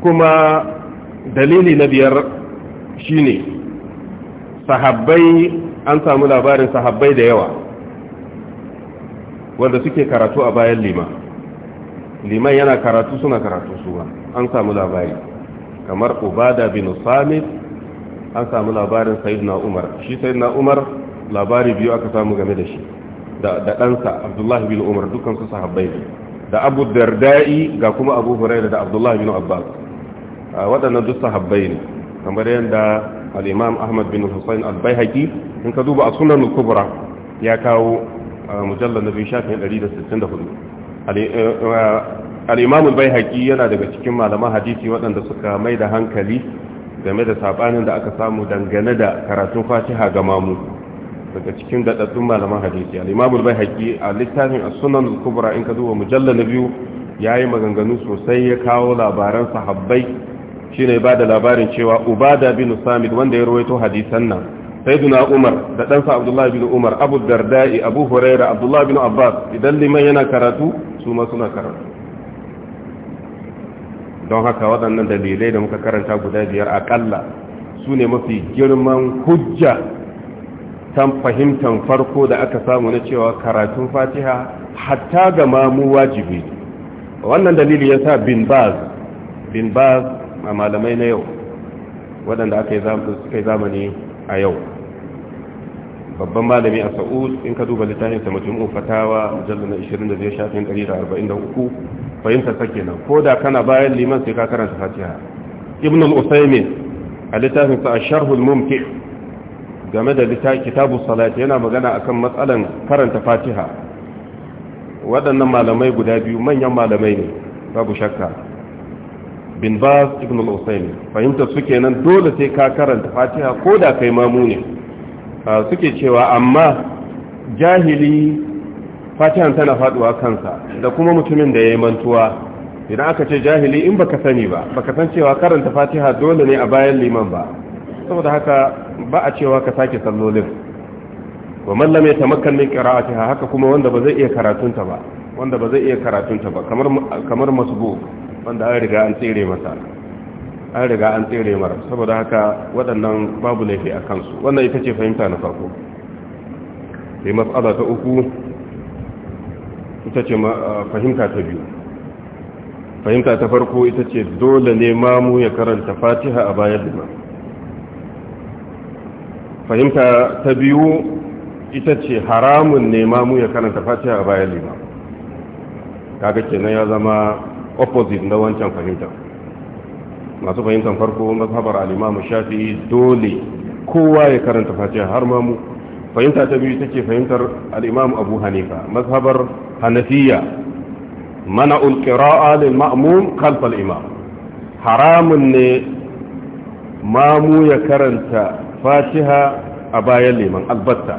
kuma dalili na biyar shine sahabbai an samu labarin sahabbai da yawa wanda suke karatu a bayan lima liman yana karatu suna karatu suwa an samu labari kamar ubada bin samit an samu labarin sayyidina umar shi sayyidina umar labari biyu aka samu game da shi da ɗansa abdullahi bin umar dukkan dukansu sahabbai ne da abu dardai ga kuma abu huraira da abdullahi bin abbas waɗannan duk sahabbai ne kamar yadda al'imam ahmad bin hussein al haƙi in ka duba a sunan kubra ya kawo mujallar na biyu shafin 164 al'imamun bai haƙi yana daga cikin malaman hadisi waɗanda suka mai da hankali game da saɓanin da aka samu dangane da karatun fatiha ga mamu daga cikin daɗaɗɗun malaman hadisi al'imamun bai haƙi a littafin a sunan kubra in ka zuwa mujalla na biyu ya yi maganganu sosai ya kawo labaran sahabbai shine ne ba da labarin cewa ubada bin samid wanda ya rawaito hadisan nan sai duna umar da ɗansa abdullahi bin umar abu darda'i abu huraira abdullahi bin abbas idan liman yana karatu su ma suna karatu don haka waɗannan dalilai da muka karanta guda biyar aƙalla su ne mafi girman hujja tan fahimtar farko da aka samu na cewa karatun fatiha hatta ga mamu wajibi wannan dalili ya sa bin baz bin baz a malamai na yau waɗanda aka yi zamani a yau babban malami a sa'ud in ka duba littafinsa mutum fatawa jallu na 20 da zai shafin 143 fahimtar sa kenan ko da kana bayan liman sai ka karanta fatiha ibn al-usaymin a littafin sa sharhul mumti game da kitabu salati yana magana akan matsalan karanta fatiha waɗannan malamai guda biyu manyan malamai ne babu shakka bin bas ibn al-usaymin fahimtar su kenan dole sai ka karanta fatiha ko da kai mamu ne ah, suke cewa amma jahili fatihan tana faduwa kansa da kuma mutumin da ya yi mantuwa idan aka ce jahili in baka sani ba baka san cewa karanta fatiha dole ne a bayan liman ba saboda haka ba a cewa ka sake sallolin wa man lam yatamakkan min qira'atiha haka kuma wanda ba zai iya karatunta ba wanda ba zai iya karatunta ba kamar kamar masbu wanda an riga an tsere masa an riga an tsere mara saboda haka waɗannan babu laifi a kansu wannan ita ce fahimta na farko sai mas'ala ta uku ita ce fahimta ta biyu fahimta ta farko ita ce dole ne mamu ya karanta fatiha a bayan liman fahimta ta biyu ita ce haramun ne mamu ya karanta fatiha a bayan liman kaga kenan ya zama opposite na wancan fahimta masu fahimtar farko mazhabar alimamu shafi dole kowa ya karanta fatiha har mamu fahimta ta biyu take fahimtar al-imam abu hanifa mazhabar hanafiya mana'ul qira'a lil ma'mum khalf al-imam haramun ne mamu ya karanta fatiha a bayan liman albatta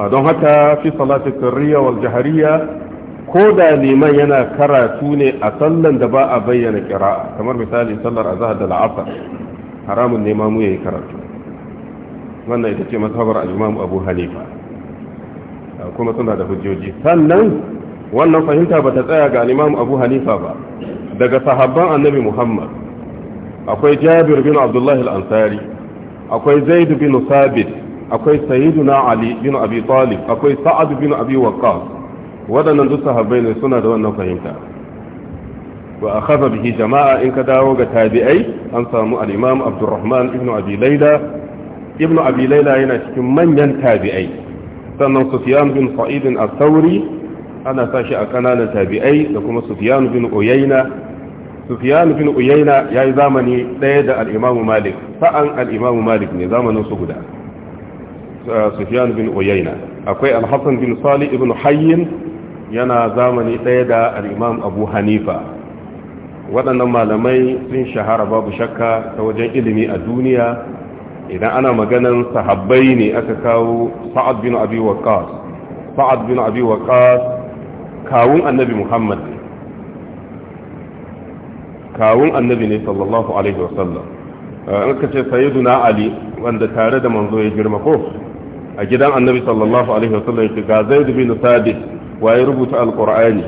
ah, don haka fi salati sirriya wal jahariya ko da liman yana karatu ne a sallan da ba a bayyana qira'a kamar misali sallar azhar da la'asar haramun ne mamu ya karatu wannan ita ce mazhabar al-Imam Abu Hanifa kuma suna da hujjoji sannan wannan fahimta ba ta tsaya ga al-Imam Abu Hanifa ba daga sahabban Annabi Muhammad akwai Jabir bin abdullahi al-Ansari akwai Zaid bin Sabit akwai Sayyiduna Ali bin Abi Talib akwai Sa'ad bin Abi Waqqas waɗannan duk sahabbai ne suna da wannan fahimta وأخذ به جماعة إن كداو تابعي أن سامو الإمام عبد الرحمن بن أبي ليلى Ibnu abi laila yana cikin manyan tabi'ai sannan sufyan bin sa'id al-thawri ana sashi a kananan tabi'ai da kuma sufyan bin uyayna sufyan bin uyayna yayi zamani daya da al malik sa'an al malik ne zamanin su guda sufyan bin uyayna akwai al bin salih hayyin yana zamani ɗaya da al'imam abu hanifa waɗannan malamai sun shahara babu shakka ta wajen ilimi a duniya idan ana maganan sahabbai ne aka kawo sa'ad bin abi waqas sa'ad bin abi waqas kawun annabi muhammad kawun annabi ne sallallahu alaihi wasallam an eh, ka ce sayyiduna ali wanda tare da manzo ya girma ko a gidan annabi sallallahu alaihi wasallam ya ga zaid bin sabit waye rubuta alqur'ani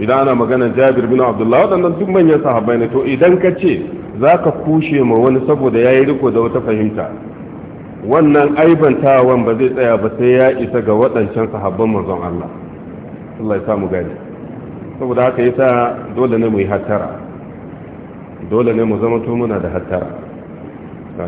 idan ana magana jabir bin abdullah waɗannan duk manyan sahabbai ne to idan ka ce za ka kushe ma wani saboda ya yi riko da wata fahimta wannan aibantawan ba zai tsaya ba sai ya isa ga waɗancan sahabban manzon Allah Allah ya mu gani saboda haka yasa dole ne mu yi hattara dole ne mu zama to muna da hattara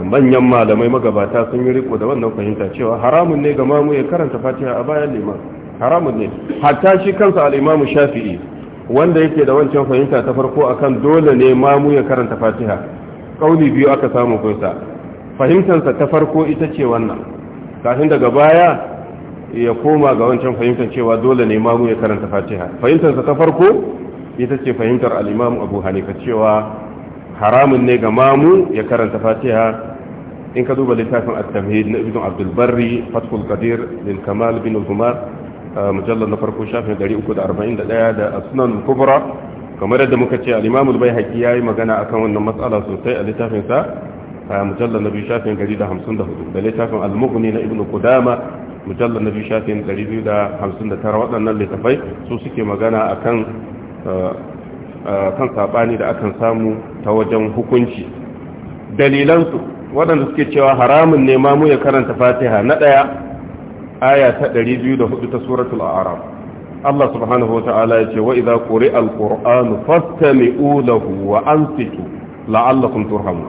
manyan malamai magabata sun yi riko da wannan fahimta cewa haramun ne ga mamu ya karanta fatiha a bayan liman haramun ne hatta shi kansa al-imamu shafi'i wanda yake da wancan fahimta ta farko akan dole ne mamu ya karanta fatiha kauli biyu aka samu kunsa fahimtansa ta farko ita ce wannan kafin daga baya ya koma ga wancan fahimtar cewa dole ne mamu ya karanta fatiha fahimtansa ta farko ita ce fahimtar al'imamu abu hanifa cewa haramun ne ga mamu ya karanta fatiha in ka duba littafin at-tamhid na ibn abdul barri fathul qadir lil kamal bin al-humar mujallar na farko shafin 341 da asunan kubra kamar yadda muka ce al-imam al-baihaqi yayi magana akan wannan matsala sosai a littafin sa mujallar na biyu shafin 154 da littafin al-mughni na ibnu qudama mujallar na biyu shafin 259 waɗannan littafai su suke magana akan kan sabani da akan samu ta wajen hukunci dalilansu waɗanda suke cewa haramun ne mamu ya karanta fatiha na ɗaya aya ta 204 ta suratul aram Allah subhanahu wa ta'ala yace wa idza quri'a al-qur'anu fastami'u lahu wa ansitu la'allakum turhamun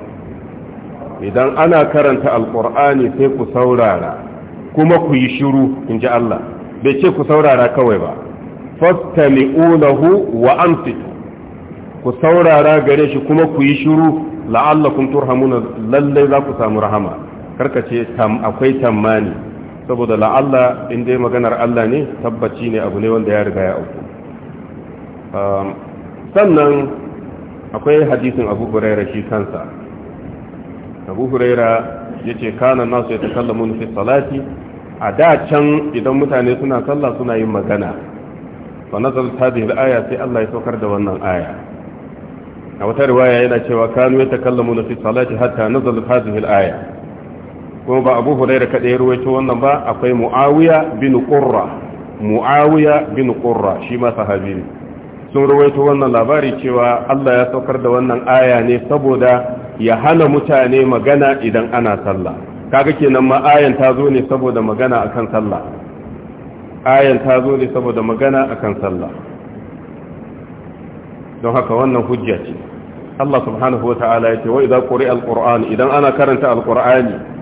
idan ana karanta al-qur'ani sai ku saurara kuma ku yi shiru inji Allah bai ce ku saurara kawai ba fastami'u lahu wa ansitu ku saurara gare shi kuma ku yi shiru la'allakum turhamuna lalle za ku samu rahama karkace tam akwai tammani saboda la'alla in dai maganar Allah ne tabbaci ne abu ne wanda ya riga ya auku um, sannan akwai hadisin abu huraira shi kansa abu huraira ya ce kana nasu ya takallamu fi salati a da can idan mutane suna sallah suna yin magana fa na hadhihi al-aya sai Allah ya saukar da wannan aya a wata riwaya yana cewa kanu ya takalla fi salati hatta na hadhihi al-aya kuma ba abu huraira kada ya ruwaito wannan ba akwai muawiya bin qurra muawiya bin qurra shi ma sahabi ne sun ruwaito wannan labari cewa Allah ya saukar da wannan aya ne saboda ya hana mutane magana idan ana sallah kaga kenan ma ayan ta zo ne saboda magana akan sallah ayan ta zo ne saboda magana akan sallah don haka wannan hujja ce Allah subhanahu wa ta'ala ya ce wa idza quri'a al-qur'an idan ana karanta al-qur'ani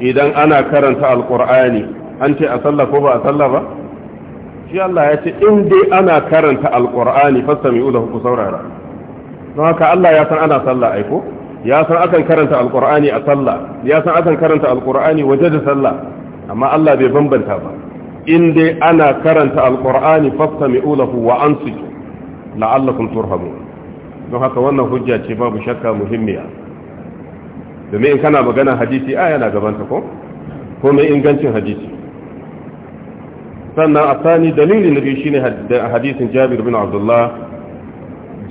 idan ana karanta alkur'ani an ce a sallah ko ba a sallah ba shi Allah ya ce in dai ana karanta alkur'ani mai ula ku saurara don haka Allah ya san ana sallah aiko ya san akan karanta alkur'ani a sallah ya san akan karanta alkur'ani waje da sallah amma Allah bai bambanta ba in dai ana karanta alkur'ani fastami ulahu wa ansitu la'allakum turhamun don haka wannan hujja ce babu shakka muhimmiya domin in kana magana hadisi a yana gabanta ko ko mai ingancin hadisi sannan a sani dalilin na biyu shine hadisin jabir bin abdullah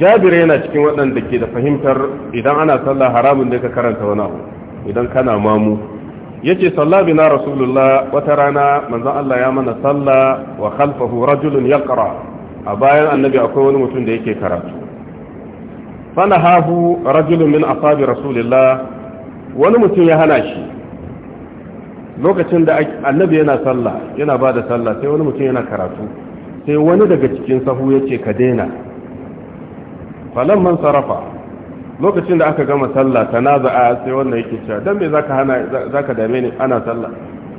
jabir yana cikin waɗanda ke da fahimtar idan ana sallah haramun da ka karanta wani abu idan kana mamu yace sallah bina rasulullah wata rana manzan Allah ya mana sallah wa khalfahu rajulun yaqra a bayan annabi akwai wani mutum da yake karatu Fana hahu, rajulun min ashabi rasulillah wani mutum ya hana shi lokacin da annabi yana sallah yana ba da sallah sai wani mutum yana karatu sai wani daga cikin sahu ya ce ka daina falon man sarrafa lokacin da aka gama sallah ta za'a sai wannan yake cewa don mai za ka dame ni ana sallah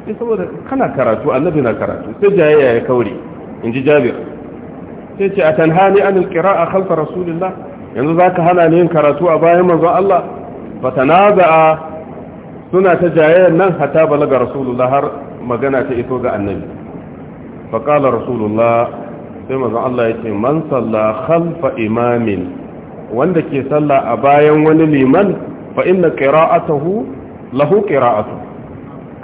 sai saboda kana karatu annabi na karatu sai jayayya ya kaure in ji jabir sai ce a tanhani an kira a kalfa rasulillah yanzu za ka hana ni yin karatu a bayan manzon Allah Ba ta na za'a. suna ta jayayyar nan hatta balaga rasulullah har magana ta ito ga annabi faƙalar rasulullah sai mazan Allah ya ce man salla khalfa imamin wanda ke salla a bayan wani liman fa inna qira'atuhu lahu qira'atu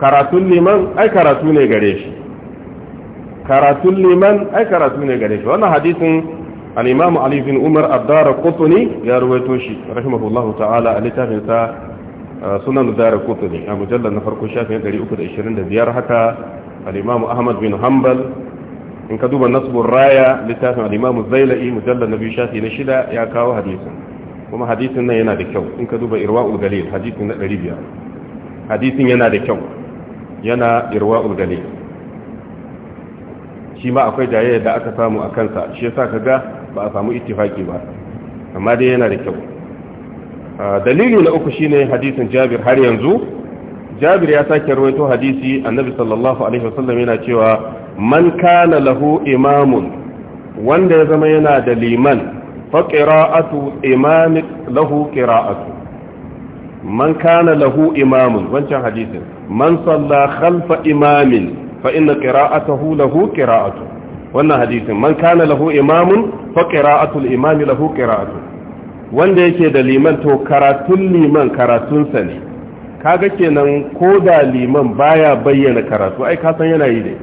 karatun liman ai karatu ne gare shi karatun liman ai karatu ne gare shi wannan hadisin al-imam Ali bin Umar ad qutni ya rawaito shi rahimahullahu ta'ala a littafin sa sunan dara ne a mujallar na farko shafin 325 haka al'imamu ahmad bin hanbal in ka duba nasbun raya littafin al'imamu zaila'i mujallar na biyu shafi na shida ya kawo hadisin kuma hadisin nan yana da kyau in ka duba irwa'ul galil hadisin na 500 hadisin yana da kyau yana irwa'ul galil shi ma akwai jayayya da aka samu a kansa shi yasa kaga ba a samu ittifaki ba amma dai yana da kyau dalili na uku shine hadisin jabir har yanzu jabir ya sake rawaito hadisi annabi sallallahu alaihi wasallam yana cewa man kana lahu imamun wanda ya zama yana da liman fa qira'atu imamik lahu qira'atu man kana lahu imamun wancan hadisin man salla khalfa imamin fa inna qira'atahu lahu qira'atu wannan hadisin man kana lahu imamun fa qira'atul imami lahu qira'atu wanda yake da liman to karatun liman karatunsa ne kaga kenan ko da liman baya bayyana karatu ai ka san yana yi ne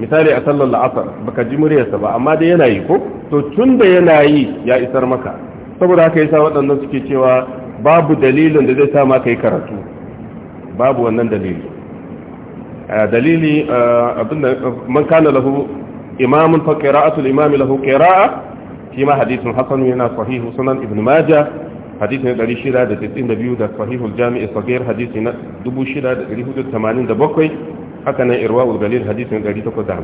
misali a sallar la'asar baka ji muryarsa ba amma dai yana yi ko to tun da yana yi ya isar maka saboda haka yasa waɗannan suke cewa babu dalilin da zai sa ma yi karatu babu wannan dalili dalili abinda man kana lahu imamun fa qira'atul imami lahu qira'a shi ma hadisin hasan yana sahihu sunan ibn majah hadisi na 692 da sahihul jami'i sagir hadisi na 6487 haka nan irwaul galil hadisi na 850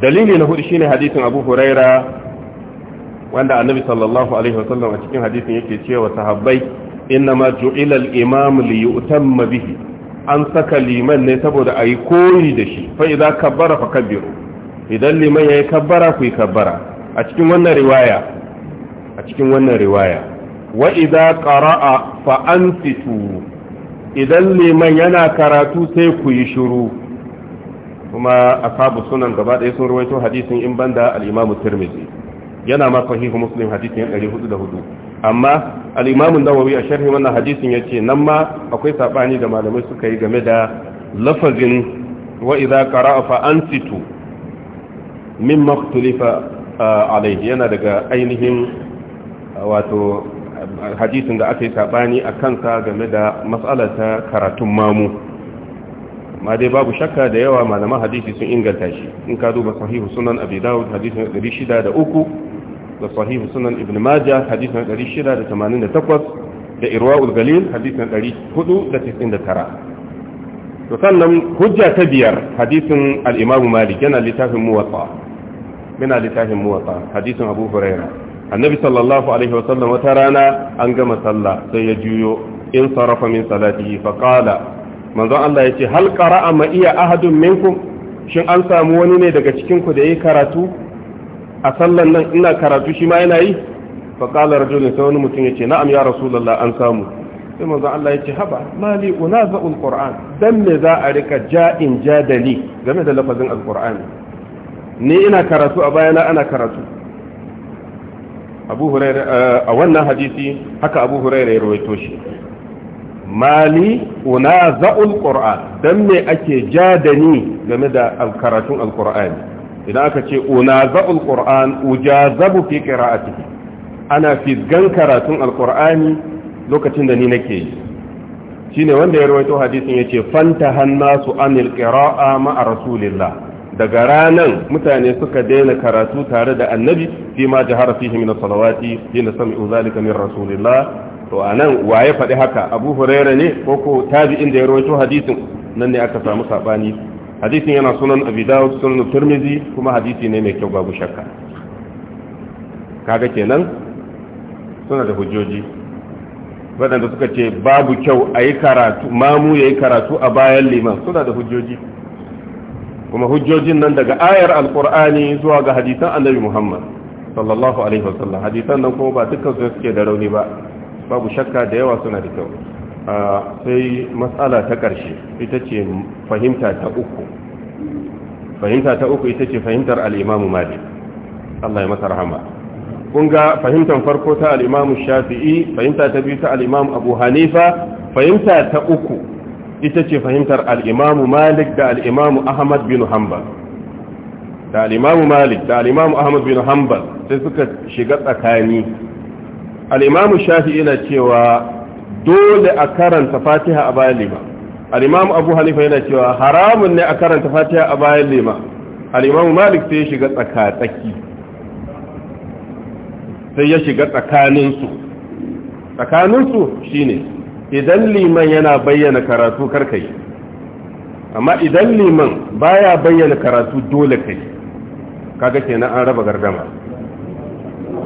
dalili na hudu shine hadisin abu huraira wanda annabi sallallahu alaihi wasallam a cikin hadisin yake cewa sahabbai innama ju'ila al-imam li yu'tamma bihi an saka liman ne saboda ayi koyi da shi fa idza kabbara fakabbiru idan liman yayi kabbara ku yi kabbara a cikin wannan riwaya a cikin wannan riwaya wa idza qara'a fa ansitu idan liman yana karatu sai ku yi shiru kuma ashabu sunan gaba ɗaya sun rawaito hadisin in banda al imam tirmidhi yana ma sahihu muslim hadisin 404 amma al-imamu nawawi a sharhi wannan hadisin yace nan ma akwai sabani da malamai suka yi game da lafazin wa idza qara'a fa ansitu min ikhtalafa alaihi yana daga ainihin wato hadisin da aka yi sabani a kansa game da ta karatun mamu ma dai babu shakka da yawa malaman hadisi sun inganta shi in ka duba sahihu sunan abi dawud hadisin 603 da sahihu sunan ibn majah hadisin 688 da irwaul galil hadisin 499 to sannan hujja ta biyar hadisin al'imamu malik yana littafin muwatsa muna littafin muwatsa hadisin abu huraira annabi sallallahu alaihi wa sallam wata rana an gama sallah sai ya juyo in sarrafa min salatihi fa qala manzon Allah yace hal qara'a ma iya ahadun minkum shin an samu wani ne daga cikin ku da yayi karatu a sallan nan ina karatu shi ma yana yi fa qala rajulun sai wani mutum yace na'am ya rasulullah an samu sai manzon Allah yace haba mali unaza'ul qur'an dan me za a rika ja'in jadali game da lafazin alqur'ani ni ina karatu a bayana ana karatu eh, a wannan hadisi haka abu huraira ya rawaito shi mali una za'ul qur'an dan me ake ja da ni game da alkaratun alqur'ani idan aka ce una za'ul qur'an ujazabu fi qira'atihi ana fizgan karatun alqur'ani lokacin da ni nake yi shine wanda ya rawaito hadisin yace fanta hannasu anil qira'a ma'a rasulillah daga ranan mutane suka daina karatu tare da annabi fi ma jahara fihi min salawati hina sami'u zalika min rasulillah to anan waye faɗi haka abu huraira ne ko ko tabi'in da ya rawaito hadisin nan ne aka samu sabani hadisin yana sunan abi dawud sunan tirmidhi kuma hadisi ne mai kyau babu shakka kaga kenan suna da hujjoji waɗanda suka ce babu kyau a yi karatu mamu ya yi karatu a bayan liman suna da hujjoji kuma hujjojin nan daga ayar alkur'ani zuwa ga hadisan annabi muhammad sallallahu alaihi wasallam hadisan nan kuma ba dukkan su suke da rauni ba babu shakka da yawa suna da kyau sai matsala ta ƙarshe ita ce fahimta ta uku fahimta ta uku ita ce fahimtar al'imamu malik Allah ya masa rahama kun ga fahimtar farko ta al'imamu shafi'i fahimta ta biyu ta al'imamu abu hanifa fahimta ta uku ita ce fahimtar al'imamu malik da al'imamu ahmad bin hanbal da al'imamu malik da al'imamu ahmad bin hanbal sai suka shiga tsakani al'imamu Shafi ina cewa dole a karanta fatiha a bayan lima al'imamu abu hanifa yana cewa haramun ne a karanta fatiha a bayan lima al'imamu malik sai ya shiga tsakatsaki sai ya shiga tsakaninsu tsakaninsu shine idan liman yana bayyana karatu karka yi amma idan liman baya bayyana karatu dole kai kaga kenan an raba gardama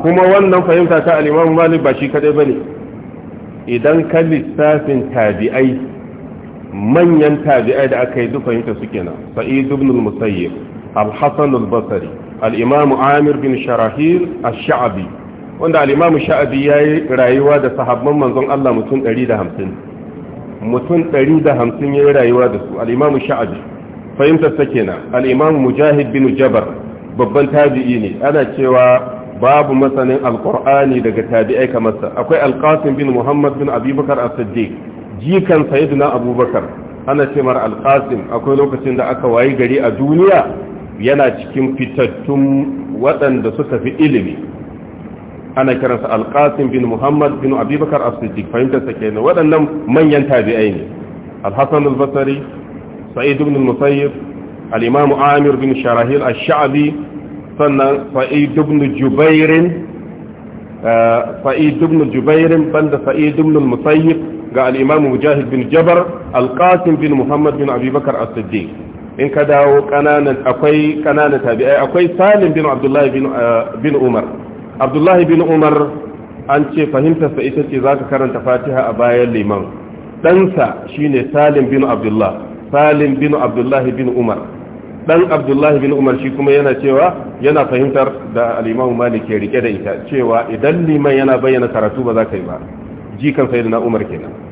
kuma wannan fahimta ta al Malik ba shi kadai bane idan ka lissafin tabi'ai manyan tabi'ai da aka yi duk fahimta su kenan Sa'id ibn al-Musayyib al-Hasan al-Basri al-Imam Amir bin Sharahil ash-Sha'bi wanda al'imamu sha'abi ya yi rayuwa da sahabban manzon Allah mutum 150 mutum 150 ya yi rayuwa da su al'imamu sha'abi fahimtarsa kenan al'imamu mujahid bin jabar babban tabi'i ne ana cewa babu masanin alkur'ani daga tabi'ai kamar sa akwai alqasim bin muhammad bin abubakar as-siddiq jikan sayyidina abubakar ana ce mar alqasim akwai lokacin da aka wayi gari a duniya yana cikin fitattun waɗanda suka fi ilimi ana kiransa alqasim bin muhammad bin abubakar as-siddiq fahimtar sa kenan waɗannan manyan tabi'ai ne al-hasan al-basri sa'id ibn al-musayyib al-imam amir bin sharahil ash-sha'bi sannan sa'id ibn jubair eh, sa'id ibn jubair banda sa'id ibn al-musayyib ga al-imam mujahid bin jabar al-qasim bin muhammad bin abubakar as-siddiq in ka dawo kananan akwai kananan tabi'ai akwai salim bin abdullahi bin eh, umar abdullahi bin umar an ce fahimtarsa ita ce za ka karanta fatiha a bayan liman ɗansa shine salim bin abdullah salim bin abdullahi bin umar ɗan abdullahi bin umar shi kuma yana cewa yana fahimtar da alimamu malik ke rike da ita cewa idan liman yana bayyana karatu ba za ka yi ba jikan sai na umar kenan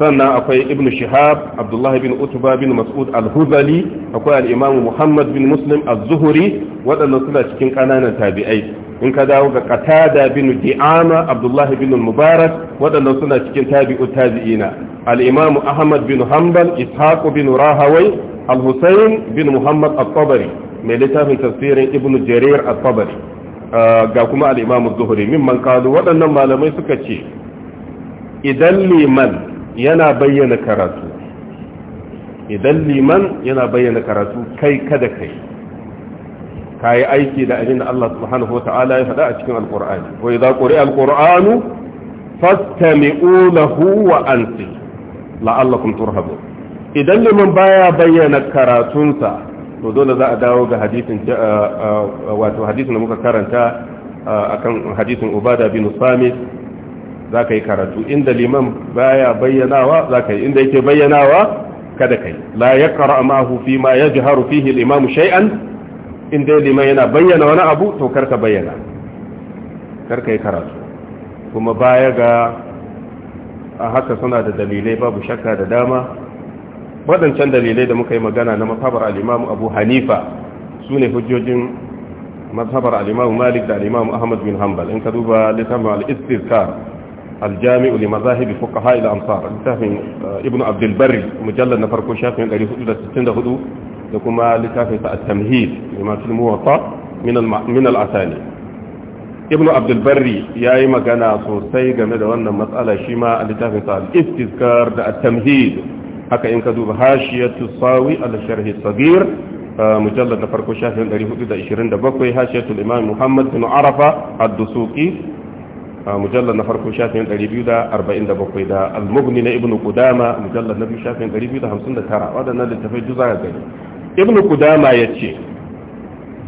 sannan akwai ibn shihab abdullahi bin utuba bin mas'ud al-huzali akwai al-imam muhammad bin muslim az-zuhri waɗannan suna cikin ƙananan tabi'ai in ka dawo ga qatada bin di'ama abdullahi bin mubarak waɗannan suna cikin tabi'u tabi'ina al-imam ahmad bin hanbal ishaq bin rahawai al-husayn bin muhammad at-tabari mai littafin tafsirin ibn jarir at-tabari ah, ga kuma al-imam az-zuhri mimman qalu waɗannan malamai suka ce idan liman yana bayyana karatu idan liman yana bayyana karatu kai kada kai kayi aiki da abin da Allah subhanahu wa ta'ala ya faɗa a cikin alƙur'ani wai za ƙuri alƙur'anu fastami'u lahu wa anti turhabu idan liman baya bayyana karatunsa to dole za a dawo ga hadisin wato hadisin da muka karanta akan hadisin ubada bin Samis. za ka yi karatu inda liman baya bayyanawa za ka yi inda yake bayyanawa kada ka la ya kara mahu fi ma ya ji haru fihi limamu shay'an inda liman yana bayyana wani abu to karka bayyana karka yi karatu kuma baya ga a haka suna da dalilai babu shakka da dama waɗancan dalilai da muka yi magana na matabar alimamu abu hanifa su ne hujjojin matabar alimamu malik da alimamu ahmad bin hanbal in ka duba littafin al aljami'u li mazahibi fuqaha ila amsar littafin ibnu abdul barri mujallal na farko shafin 464 da kuma littafin sa at-tamhid lima fil muwatta min al min al asani ibnu abdul barri yayi magana sosai game da wannan matsalar shima ma a littafin sa al-istizkar da at-tamhid haka in ka duba hashiyatu sawi al-sharh as-saghir مجلد نفر كشاف 427 هاشية الإمام محمد بن عرفة الدسوقي mujallar na farko shafin 247 da al-mughni na ibnu qudama mujallar na biyu shafin 259 wadannan littafai duk zaka gani ibnu qudama yace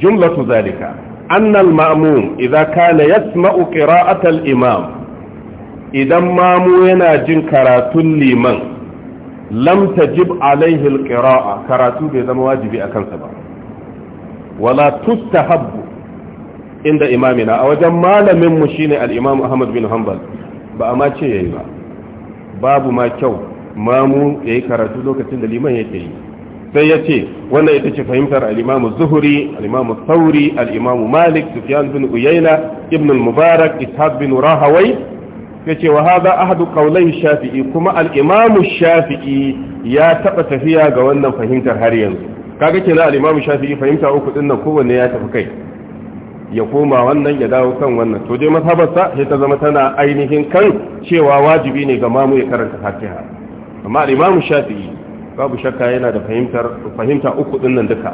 jumlatu zalika anna al-ma'mum idza kana yasma'u qira'ata al-imam idan mamu yana jin karatun liman lam tajib alaihi al-qira'a karatu bai zama wajibi a kansa ba wala tustahabbu inda imamina a wajen malamin mu shine al'imam Ahmad bin Hanbal ba a ma ce yayi ba babu ma kyau mamu yayi karatu lokacin da liman yake yi sai ya ce wannan ita ce fahimtar al-imam Zuhri al-imam Thawri Malik Sufyan bin Uyaina ibn mubarak Ishaq bin Rahawai yace wa hada ahadu qawlai Shafi'i kuma al Shafi'i ya taɓa tafiya ga wannan fahimtar har yanzu kaga kenan al-imam Shafi'i fahimta uku din nan kowanne ya tafi kai ya koma wannan ya dawo kan wannan to dai masabarsa sai ta zama tana ainihin kan cewa wajibi ne ga mamu ya karanta fatiha amma al-imamu shafi'i babu shakka yana da fahimtar fahimta uku din nan duka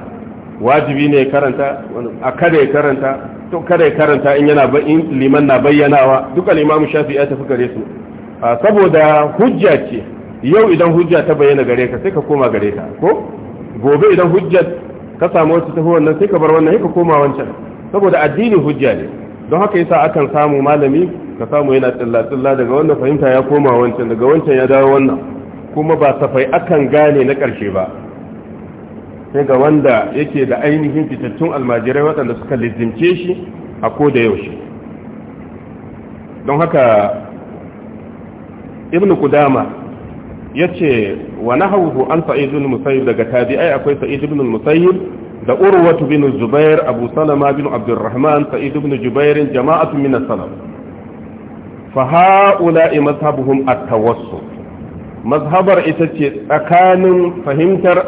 wajibi ne karanta a kada ya karanta to kada ya karanta in yana in liman na bayyanawa duka al-imamu shafi'i ya tafi gare su saboda hujja ce yau idan hujja ta bayyana gare ka sai ka koma gare ta ko gobe idan hujja ka samu wata tafi wannan sai ka bar wannan sai ka koma wancan saboda addini hujja ne don haka yasa akan samu malami ka samu yana tsilla tsilla daga wannan fahimta ya koma wancan daga wancan ya dawo wannan kuma ba safai akan gane na karshe ba sai ga wanda yake da ainihin fitattun almajirai waɗanda suka lizimce shi a ko da yaushe don haka ibn kudama ya ce wa nahawu an sa'idun musayyib daga tabi'ai akwai sa'id ibn musayyib da urwatu bin zubair abu salama bin abdurrahman sa'id ibn jubair jama'atu min as-salaf fa haula mazhabuhum at-tawassul mazhabar ita ce tsakanin fahimtar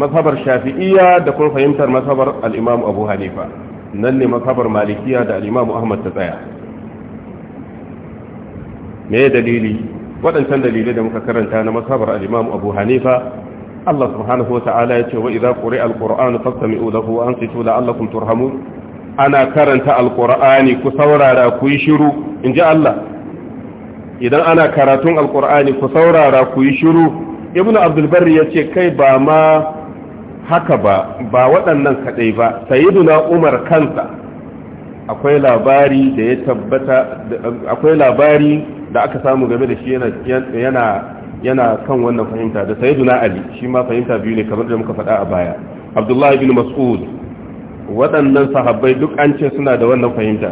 mazhabar shafi'iyya da kuma fahimtar mazhabar al-imam abu hanifa nan ne mazhabar malikiya da al-imam ahmad ta tsaya me dalili waɗancan dalilai da muka karanta na mazhabar al-imam abu hanifa Allah subhanahu wa ta'ala ya ce wa idza quri'a al-qur'anu fastami'u lahu wa ansitu la'allakum turhamun ana karanta al-qur'ani ku saurara ku yi shiru inji Allah idan ana karatun al-qur'ani ku saurara ku yi shiru ibnu abdul barri yace kai ba ma haka ba ba waɗannan kadai ba sayyiduna umar kansa akwai labari da ya tabbata akwai labari da aka samu game da shi yana yana yana kan wannan fahimta da sayyiduna ali shi ma fahimta biyu ne kamar da muka faɗa a baya abdullahi bin mas'ud waɗannan sahabbai duk an ce suna da wannan fahimta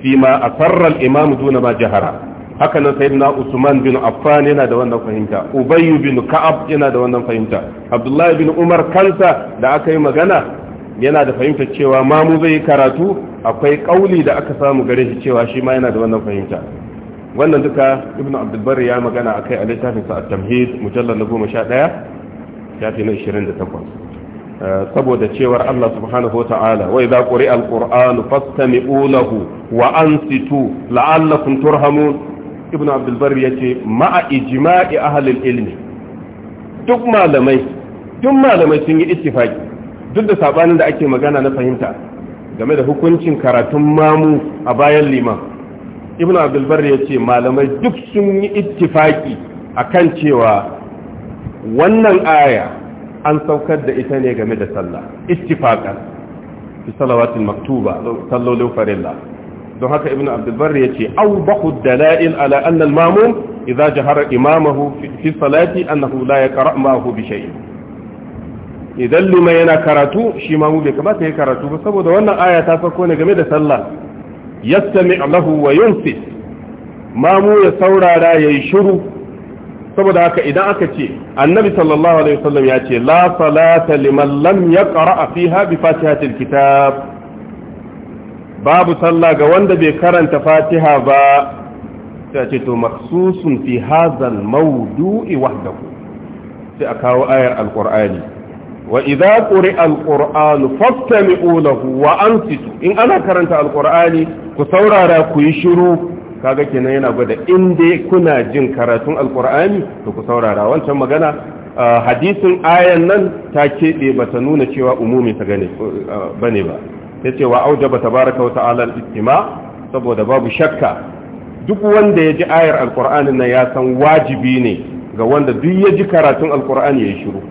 fi ma asarra al-imam duna ma jihara haka nan sayyidina usman bin affan yana da wannan fahimta ubay bin ka'ab yana da wannan fahimta abdullahi bin umar kansa da aka yi magana yana da fahimta cewa ma mu zai karatu akwai kauli da aka samu gare shi cewa shi ma yana da wannan fahimta wannan duka ibn abdulbar ya magana a kai a littafin sa'ad tamhid mujallar na goma sha ɗaya fi na ishirin da takwas eh, saboda cewar Allah subhanahu wa ta'ala wai za ƙuri al-ƙur'an fastami ulahu wa an situ la'allafin turhamun ibn abdulbar ya ce ma'a ijma'i halin ilmi duk malamai duk malamai sun yi ittifaki duk da sabanin da ake magana na fahimta game da hukuncin karatun mamu a bayan liman ibn abdulbar ya ce malamai duk sun yi ittifaki akan cewa wannan aya an saukar da ita ne game da sallah ittifakan fi salawatin maktuba sallolin farilla don haka ibn abdulbar ya ce au bahu dala'il ala annal mamum idza jahara imamahu fi salati annahu la yaqra ma'ahu bi shay'in idan liman yana karatu shi mamu bai kamata ya karatu ba saboda wannan aya ta sauko ne game da sallah yastami lahu wa yunsi mamu ya saurara yayi shiru saboda haka idan aka ce annabi sallallahu alaihi wasallam ya ce la salata liman lam yaqra fiha bi fatihatil kitab babu sallah ga wanda bai karanta fatiha ba ta ce to maksusun fi hadha al mawdu'i wahdahu sai a kawo ayar alqur'ani wa idza quri'a alqur'anu fastami'u lahu wa ansitu in ana karanta alqur'ani ku saurara ku yi shiru kaga kenan yana gwada in dai kuna jin karatun alqur'ani to ku saurara wancan magana hadisin ayan nan ta keɓe ta nuna cewa umumi ta gane bane ba ce wa aujaba tabaraka wa ta'ala al-istima saboda babu shakka duk wanda ya ji ayar alqur'anin nan ya san wajibi ne ga wanda duk ya ji karatun alkurani ya shiru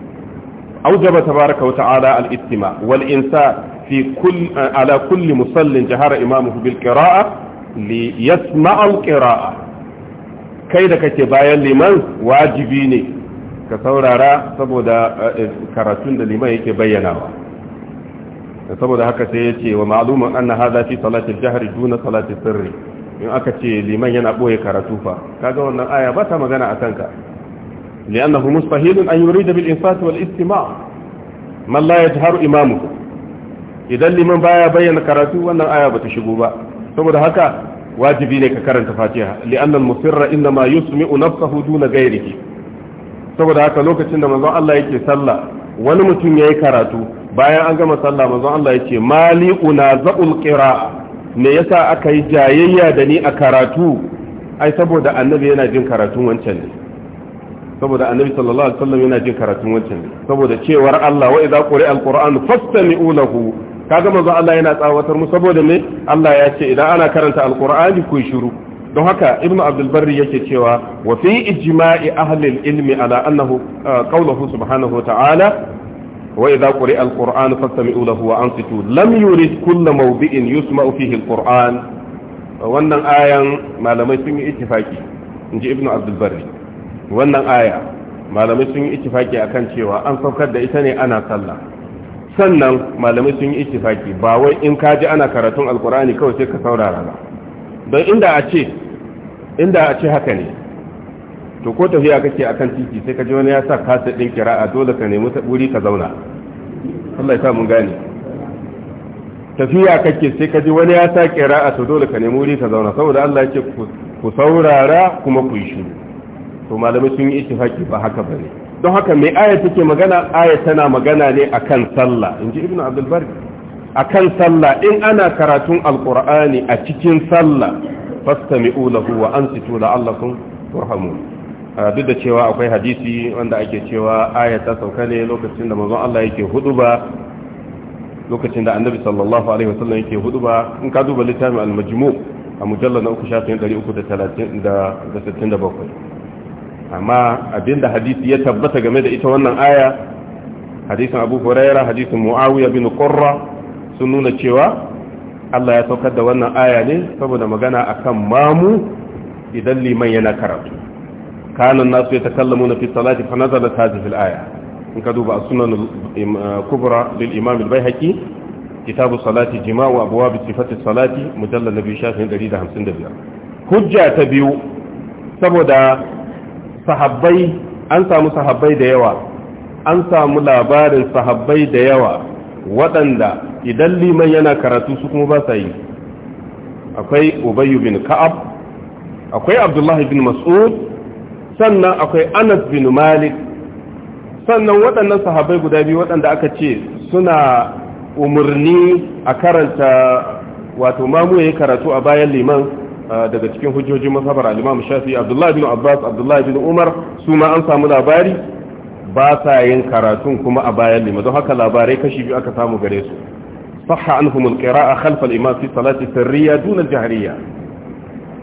أوجب تبارك وتعالى الاستماع والإنساء في كل على كل مصل جهر إمامه بالقراءة ليسمع القراءة kai da kake bayan liman wajibi ne ka saurara saboda karatun da liman yake bayyanawa saboda haka sai yace wa ma'lumun anna hadha fi jihar al-jahri duna salati sirri in aka ce liman yana boye karatu fa kaga wannan aya ba ta magana akan ka لأنه مستحيل أن يريد بالإنصات والاستماع من لا يجهر إمامه إذا لمن بايا بيّن كراتو وأن الآية بتشبوبا ثم هكا wajibi ne ka karanta fatiha li'annan musirra inna ma yusmi'u nafsahu duna ghairihi saboda haka lokacin da manzon Allah yake sallah wani mutum ya yi karatu bayan an gama sallah manzon Allah yake mali unazul qira'a me yasa aka yi jayayya da ni a karatu ai saboda annabi yana jin karatun wancan ne saboda annabi sallallahu alaihi wasallam yana jin karatun wancan saboda cewar Allah wa idza quri alquran fastami'u lahu kaga manzo Allah yana tsawatar mu saboda ne Allah ya ce idan ana karanta alqur'ani ku shiru don haka Ibnu abdul barri yake cewa wa fi ijma'i ahli ilmi ala annahu uh, qawluhu subhanahu wa ta'ala wa idza quri alquran fastami'u lahu wa ansitu lam yurid kullu mawdi'in yusma'u fihi alquran wannan ayan malamai sun yi ittifaki inji ibnu abdul barri wannan aya malamai sun yi ittifaki akan cewa an saukar da ita ne ana sallah sannan malamai sun yi ittifaki ba wai in ka ji ana karatun alkur'ani kawai sai ka saurara ba don inda a ce inda a ce haka ne to ko tafiya kake akan titi sai ka ji wani ya sa kasa din kira'a dole ka nemi wuri ka zauna Allah ya sa mun gane tafiya kake sai ka ji wani ya sa kira'a to dole ka nemi wuri ka zauna saboda Allah ya ce ku saurara kuma ku yi shiru to malamai sun yi ittifaki ba haka bane don haka mai aya take magana aya tana magana ne akan sallah inji ibn abdul bar akan sallah in ana karatun alqur'ani a cikin sallah fastami'u lahu wa ansitu la'allakum turhamun ah, duk da cewa akwai hadisi wanda ake cewa aya ta sauka ne lokacin da manzon Allah yake huduba lokacin da annabi sallallahu alaihi wasallam yake huduba in ka duba littafin al-majmu' a mujallal na uku shafin 337 amma abinda hadisi ya tabbata game da ita wannan aya hadisin abu huraira hadisin muawiya bin qurra sun nuna cewa Allah ya saukar da wannan aya ne saboda magana akan mamu idan liman yana karatu kanan nasu ya takallamu na fi salati fa nazala hadhihi al-aya in ka duba sunan uh, kubra lil imam al-baihaqi kitabu salati jima'u abwab sifati salati mujallal nabi shafin 155 hujja ta biyu saboda sahabbai an samu sahabbai da yawa an samu labarin sahabbai da yawa waɗanda idan liman yana karatu su kuma ba sa yi akwai ubayu bin ka'ab akwai abdullahi bin mas'ud sannan akwai anas bin malik sannan waɗannan sahabbai guda biyu waɗanda aka ce suna umarni a karanta wato mamu ya karatu a bayan liman daga cikin hujjojin masabar al-imam shafi abdullahi bin abbas abdullahi bin umar su ma an samu labari ba sa yin karatun kuma a bayan lima don haka labarai kashi biyu aka samu gare su sahha anhum al-qira'a khalf al-imam fi salati sirriya dun jahariya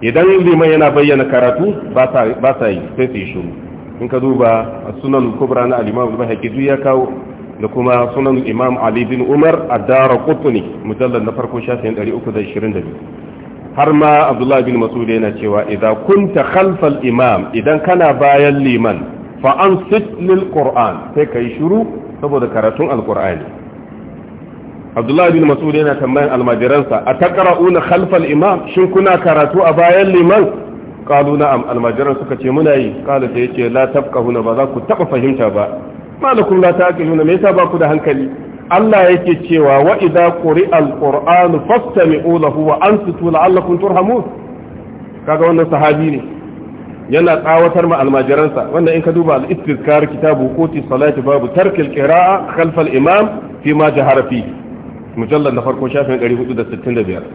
idan liman yana bayyana karatu ba sa yi sai su yi shiru in ka duba sunan kubra na al-imam al ya kawo da kuma sunan imam ali bin umar ad-darqutni mujallad na farko shafin 322 har ma abdullahi bin masud yana cewa idan kunta khalfal imam idan kana bayan liman fa lil qur'an sai kai shiru saboda karatun alqur'ani abdullahi bin masud yana tambayan almajiransa ataqra'una khalfal imam shin kuna karatu a bayan liman qalu almajiran suka ce muna yi qala sai ce la huna ba za ku taba fahimta ba malakum la huna me yasa ba ku da hankali Allah yake cewa wa idza quri'a al-qur'anu fastami'u lahu wa ansitu la'allakum turhamun kaga wannan sahabi ne yana tsawatar ma almajiransa wannan in ka duba al-istizkar kitabu quti salati babu tarkil qira'a khalf al-imam fi ma jahara fi mujallad na farko shafin 465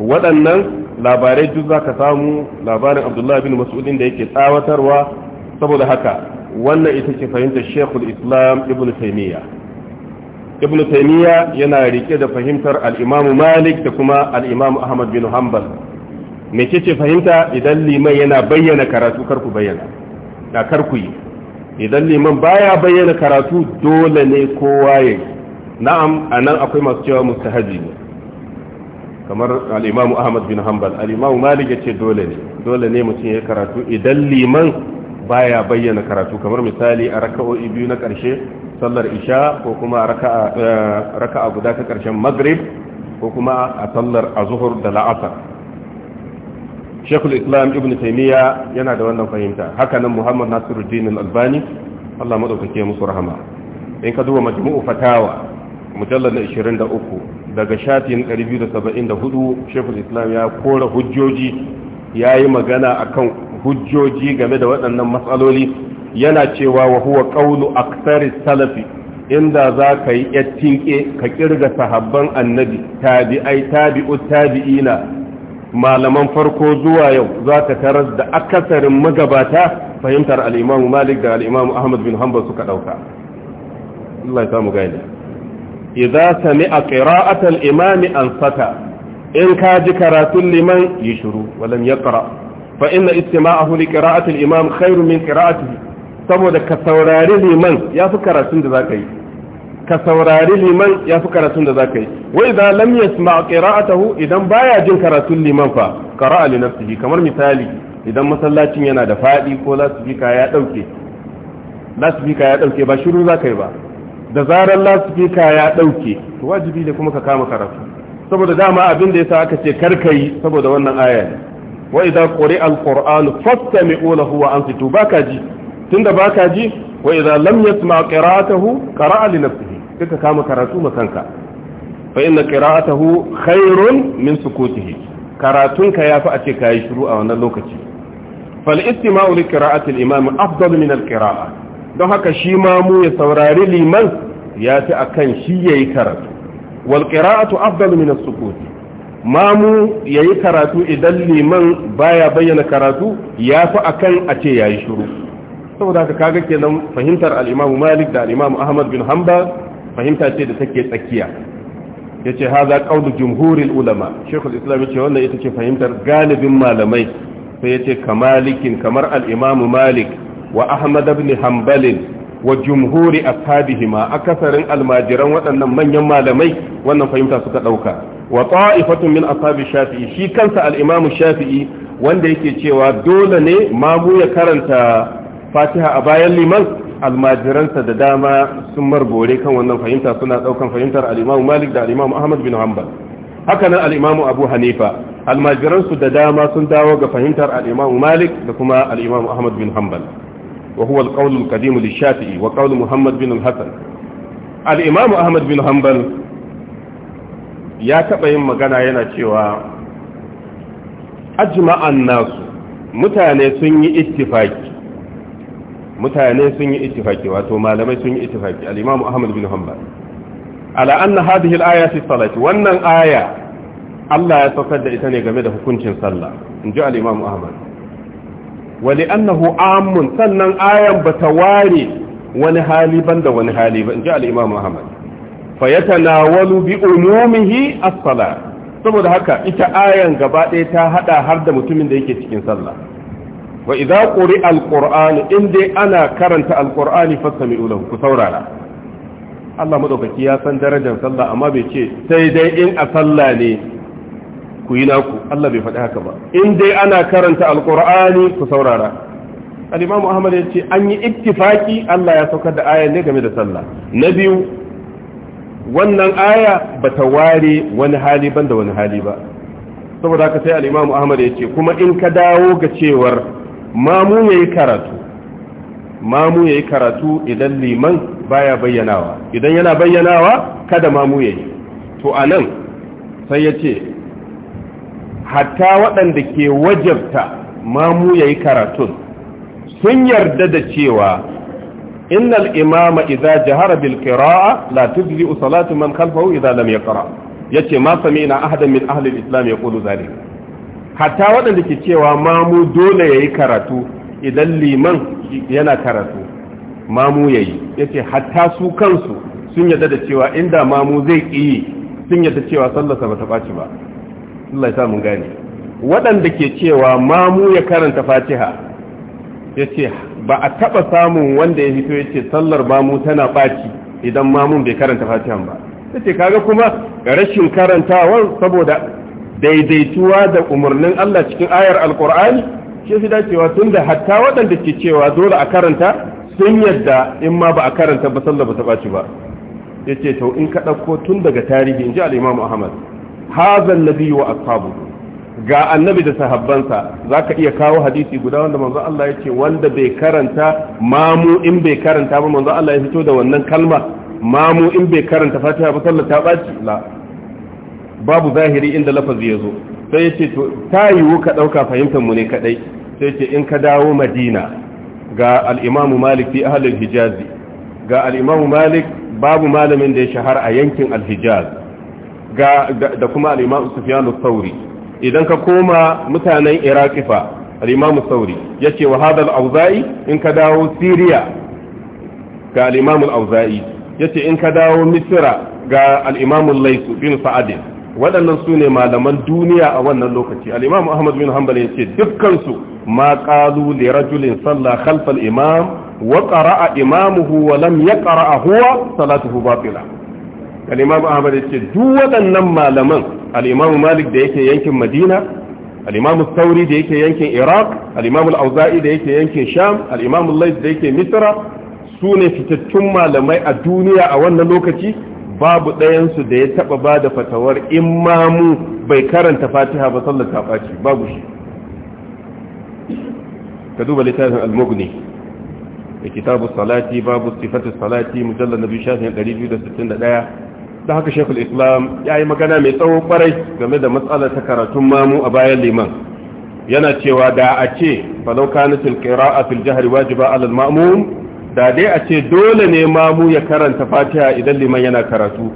waɗannan labarai duk zaka samu labarin Abdullah bin Mas'ud da yake tsawatarwa saboda haka wannan ita ce fahimtar Sheikhul Islam Ibn Taymiyyah ibn taymiya yana rike da fahimtar al-imamu malik da kuma al-imamu ahmad bin hanbal me ce fahimta idan liman yana bayyana karatu kar ku bayyana na kar ku yi idan liman baya bayyana karatu dole ne kowa ya na'am anan akwai masu cewa mustahabi ne kamar al-imamu ahmad bin hanbal al-imamu malik yace dole ne dole ne mutum ya karatu idan liman baya bayyana karatu kamar misali a raka'o'i biyu na karshe sallar isha ko kuma eh, raka'a guda ta ƙarshen maghrib ko kuma a sallar azuhur da la'asar shekul islam ibn taimiyya yana da wannan fahimta hakanan muhammad nasiruddin al-albani allah maɗaukake musu rahama in ka duba majmu'u fatawa mujallar na 23 daga shatin 274 shekul islam ya kora hujjoji ya yi magana akan hujjoji game da waɗannan matsaloli yana cewa wa huwa qawlu aktsari salafi inda za ka yi yattinke ka kirga sahabban annabi tabi'ai tabi'u tabi'ina malaman farko zuwa yau za ka taras da akasarin magabata fahimtar al-Imam Malik da al-Imam Ahmad bin Hanbal suka dauka Allah ya samu gani idza sami'a qira'ata al-imam ansata in ka ji karatun liman yi shiru walam yaqra fa inna istima'ahu li qira'ati al-imam khairun min qira'atihi saboda ka saurari liman ya fi karatun da za ka yi ka saurari liman ya fi karatun da za ka yi wai za lam yasma qira'atahu idan baya jin karatun liman fa qara'a li nafsihi kamar misali idan masallacin yana da fadi ko lasfika ya dauke lasfika ya dauke ba shiru za ka yi ba da zarar lasfika ya dauke to wajibi ne kuma ka kama karatu saboda dama abin da yasa aka ce kar ka yi saboda wannan aya ne wa idza quri'a al-qur'anu fastami'u lahu wa ba baka ji tunda ba ka ji wa idza lam yasma qira'atahu qara'a li nafsihi kika kama karatu ma kanka fa inna qira'atahu khairun min sukutihi karatunka yafi a ce kai shiru a wannan lokaci fal istima'u li qira'ati al imam afdal min al qira'a don haka shi ma mu ya saurari liman ya ci a kan shi ya yi karatu wal qira'atu afdal min as sukuti mamu yi karatu idan liman baya bayyana karatu ya akan a kan a ce ya yi shiru saboda haka kaga kenan fahimtar al-Imam Malik da al-Imam Ahmad bin Hanbal fahimta ce da take tsakiya yace hadha qawlu jumhuril ulama Sheikhul Islam yace wannan ita ce fahimtar galibin malamai sai yace kamalikin kamar al-Imam Malik wa Ahmad ibn Hanbal wa jumhuri ashabihima akasarin almajiran waɗannan manyan malamai wannan fahimta suka ɗauka wa ta'ifatun min ashabi shafi'i shi kansa al-Imam Shafi'i wanda yake cewa dole ne mamu ya karanta fatiha a bayan liman almajiransa da dama sun marbore kan wannan fahimta suna daukan fahimtar al-imamu malik da al-imamu ahmad bin hanbal haka nan al-imamu abu hanifa almajiransu da dama sun dawo ga fahimtar al-imamu malik da kuma al-imamu ahmad bin hanbal وهو القول القديم للشافعي وقول محمد بن الحسن Ahmad bin بن ya يا yin magana yana cewa ajma'an nasu mutane sun yi ittifaki mutane sun yi ittifaki wato malamai sun yi ittifaki al-imam ahmad bin hanbal ala anna hadhihi al-aya fi salati wannan aya Allah ya saukar da ita ne game da hukuncin sallah inji al-imam ahmad wa li'annahu ammun sannan ayan bata ware wani hali ban da wani hali ba inji al-imam ahmad fa yatanawalu bi umumihi as-salat saboda haka ita ayan gaba ɗaya ta hada har da mutumin da yake cikin sallah wa idza quri alqur'anu in dai ana karanta Alƙur'ani, fastami'u lahu ku saurara Allah madaukaki ya san darajar sallah amma bai ce sai dai in a sallah ne ku yi naku Allah bai faɗi haka ba in dai ana karanta alqur'ani ku saurara al-imam Ahmad ya ce an yi ittifaki Allah ya saukar da aya ne game da sallah na biyu wannan aya bata ware wani hali da wani hali ba saboda haka sai al-Imam Ahmad ya ce kuma in ka dawo ga cewar mamu yayi karatu mamu yayi karatu idan liman baya bayyanawa idan yana bayyanawa kada mamu yayi to anan sai yace hatta waɗanda ke wajabta mamu yayi karatun sun yarda da cewa innal imama idza jahara bil qira'a la tujzi salatu man khalfahu idza lam yaqra yace ma sami'na ahadan min ahli al-islam yaqulu zalika hatta waɗanda ke cewa mamu dole ya yi karatu idan liman yana karatu mamu ya yi ya ce hatta su kansu sun yadda da cewa inda mamu zai yi sun yadda cewa sallasa ba ta ɓaci ba Allah ya mun gane waɗanda ke cewa mamu ya karanta fatiha ya ce ba a taɓa samun wanda ya fito yace sallar mamu tana ɓaci idan mamun bai karanta fatiha ba yace ce kaga kuma rashin karantawan saboda daidaituwa da umarnin Allah cikin ayar alkur'ani shi fi dacewa tun da hatta waɗanda ke cewa dole a karanta sun yadda in ma ba a karanta ba sallah ba ta ɓaci ba ya ce to in ka ɗauko tun daga tarihi in ji al'imamu ahmad hazan nabi wa ashabu ga annabi da sahabbansa za ka iya kawo hadisi guda wanda manzo Allah ya ce wanda bai karanta mamu in bai karanta ba manzo Allah ya fito da wannan kalma mamu in bai karanta fatiha ba sallah ta ɓaci la babu zahiri inda lafazi ya zo sai ya ce to ta yiwu ka ɗauka fahimtar mu ne kaɗai sai ce in ka dawo madina ga al'imamu malik fi ahalin hijazi ga al'imamu malik babu malamin da ya shahara a yankin alhijaz da kuma al'imamu sufiyanu sauri idan ka koma mutanen iraqifa al'imamu sauri ya ce wa hadal auza'i in ka dawo siriya ga al'imamu auza'i ya ce in ka dawo misira ga al'imamu laisu bin sa'adin waɗannan su ne malaman duniya a wannan lokaci al'imamu ahmad bin hanbal ya ce dukkansu ma ƙalu da rajulin sallah khalfal imam wa ƙara'a imamuhu wa lam ya huwa salatuhu batila al'imamu ahmad ya ce duk waɗannan malaman al'imamu malik da yake yankin madina al'imamu sauri da yake yankin iraq al al'auza'i da yake yankin sham al'imamu lais da yake misra su ne fitattun malamai a duniya a wannan lokaci babu ɗayansu da ya taɓa ba da fatawar imamu bai karanta fatiha ba sallar ta ɓaci babu shi ka duba littafin al-mughni da kitabu salati babu sifatu salati mujallar na biyu shafin 261 da haka shekul islam ya yi magana mai tsawon kwarai game da matsalar ta karatun mamu a bayan liman yana cewa da a ce falauka na tilkira a jahri wajiba 'ala al da dai a ce dole ne mamu ya karanta fatiha idan liman yana karatu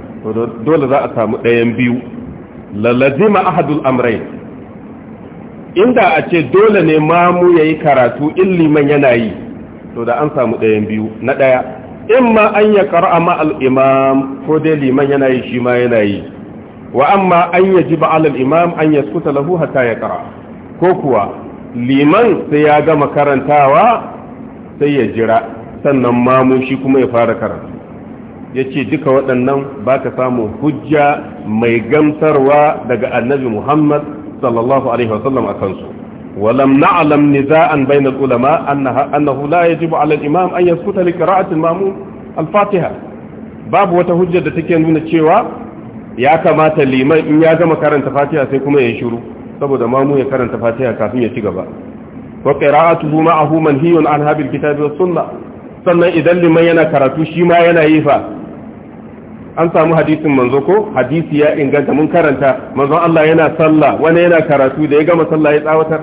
dole za a samu ɗayan biyu lalazima ahadul amrai inda a ce dole ne mamu ya yi karatu in liman yana yi to da an samu ɗayan biyu na ɗaya in ma an ya ƙara ma'al'imam ko dai liman yana yi shi ma yana yi wa amma an ya ji ba'alal imam an ya suta lahu hatta ya ƙara ko kuwa liman sai ya gama karantawa sai ya jira sannan mamu shi kuma ya fara karatu ya ce duka waɗannan ba ka samu hujja mai gamsarwa daga annabi muhammad sallallahu alaihi wasallam a kansu walam na'alam niza'an bainal ulama annahu la yajibu ala al-imam an yaskuta li qira'ati al-ma'mum al-fatiha babu wata hujjar da take nuna cewa ya kamata liman in ya gama karanta fatiha sai kuma ya shiru saboda mamu ya karanta fatiha kafin ya ci gaba wa qira'atuhu ma'ahu manhiyun an habil kitabi was sunnah sannan idan liman yana karatu shi ma yana yi fa an samu hadisin manzo ko hadisi ya inganta mun karanta manzon Allah yana sallah wani yana karatu da ya gama sallah ya tsawatar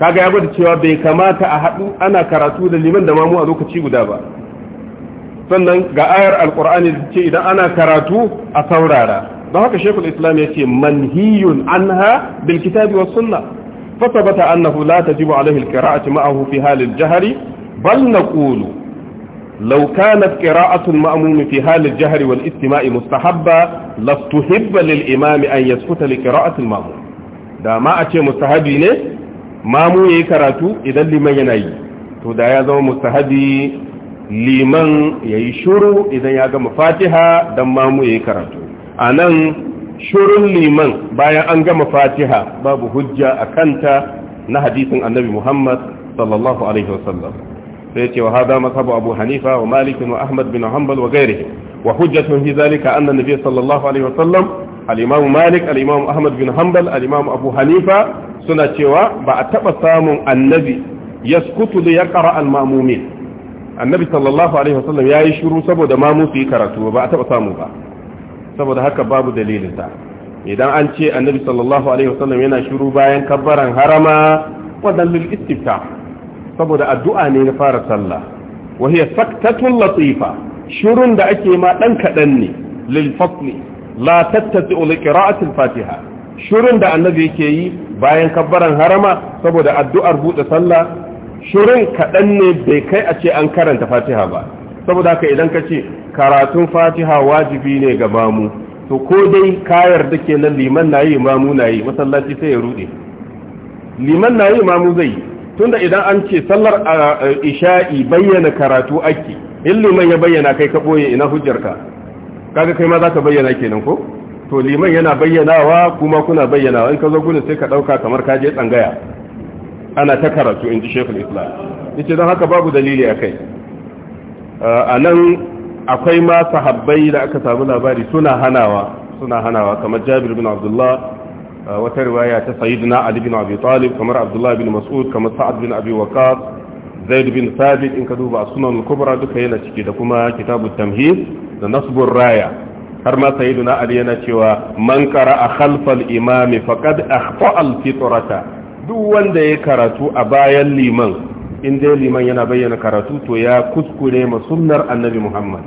kaga ya gwada cewa bai kamata a haɗu ana karatu da liman da mamu a lokaci guda ba sannan ga ayar alkur'ani da ce idan ana karatu a saurara don haka shekul islam ya ce manhiyun anha bil kitabi was sunna fa bata annahu la tajibu alaihi al qira'atu ma'ahu fi halil jahri bal naqulu لو كانت قراءة المأموم في حال الجهر والاستماع مستحبة lil للإمام أن يسكت لقراءة المأموم da ma a ce mustahabi ne mamu ya yi karatu idan liman yana yi to da ya zama mustahabi liman ya yi shuru idan ya gama fatiha don mamu ya yi karatu a nan shurun liman bayan an gama fatiha babu hujja a kanta na hadisin annabi muhammad sallallahu alaihi wasallam sai ce wa hada mazhabu abu hanifa wa malikin wa ahmad bin hanbal wa ghairihi wa hujjatun fi zalika anna nabiy sallallahu alaihi wasallam al-imam malik al-imam ahmad bin hanbal al-imam abu hanifa suna cewa ba a taba samun annabi yaskutu li yaqra al-ma'mumin annabi sallallahu alaihi wa wasallam yayi shiru saboda mamu su yi karatu ba a taba samu ba saboda haka babu dalilin ta idan an ce annabi sallallahu alaihi wa sallam yana shiru bayan kabbaran harama wadan lil istifta saboda addu'a ne na fara sallah wa hiya saktatun latifa shurun da ake ma ɗan kaɗan ne lil fasli la tattati li qira'ati fatiha Shirun da annabi yake yi bayan kabbaran harama saboda addu'ar buɗe sallah shirun kaɗan ne bai kai a ce an karanta fatiha ba saboda haka idan ka ce karatun fatiha wajibi ne ga mamu to ko dai kayar da ke nan liman na yi mamu na yi masallaci sai ya rude liman na yi mamu zai yi tunda idan an ce sallar isha'i bayyana karatu ake in liman ya bayyana kai ka boye ina hujjarka kaga kai ma za ka bayyana kenan ko to liman yana bayyanawa kuma kuna bayyanawa in ka zo gudun sai ka ɗauka kamar ka je tsangaya ana ta karatu in ji shekul islam yace don haka babu dalili akai a nan akwai ma sahabbai da aka samu labari suna hanawa suna hanawa kamar jabir bin abdullah wata riwaya ta sayyidina ali bin abi talib kamar abdullahi bin mas'ud kamar sa'ad bin abi waqas zaid bin sabit in ka duba sunan kubra duka yana ciki da kuma kitabu tamhid da nasbur raya har ma sayyidina ali yana cewa man qara'a khalfal imam faqad akhfa al fitrata duk wanda ya karatu a bayan liman in dai liman yana bayyana karatu to ya kuskure ma sunnar annabi muhammad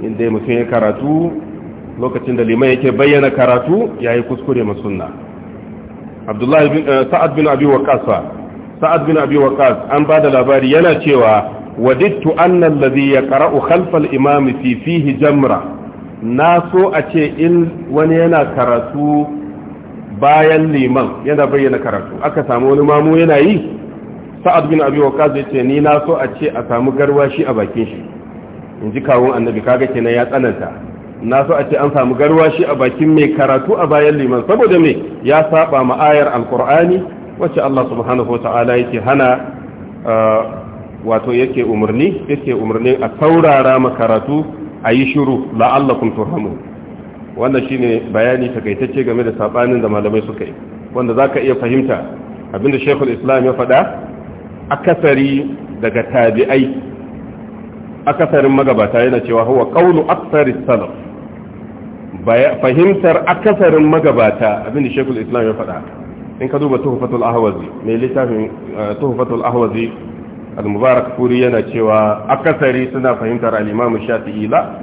in dai mutum ya karatu lokacin da liman yake bayyana karatu yayi kuskure ma sunna eh, Sa'ad bin Abi Waqqas Sa'ad bin Abi Waqqas an bada labari yana cewa wadittu anna alladhi ya khalfa al imami fi fihi jamra na so a ce in wani yana karatu bayan liman yana bayyana karatu aka samu wani mamu yana yi sa'ad bin abi waqas yace ni na so a ce a samu garwashi a bakin shi in ji kawun annabi kaga kenan ya tsananta na so a ce an samu garwashi a bakin mai karatu a bayan liman saboda me ya saba ma ayar alkur'ani wacce Allah subhanahu wa ta'ala yake hana uh, wato yake umarni yake umarni a saurara ma karatu a yi shiru la'allakum turhamun wannan shine bayani takaitacce game da sabanin da malamai suka yi wanda zaka iya fahimta abinda Sheikhul Islam ya faɗa akasari daga tabi'ai akasarin magabata yana cewa huwa qawlu aksari, salaf fahimtar akasarin magabata abin da shekul islam ya faɗa in ka duba tuhufatul ahwazi mai littafin eh, tuhufatul ahwazi al-mubarak furi yana cewa akasari suna fahimtar al-imam shafi'i la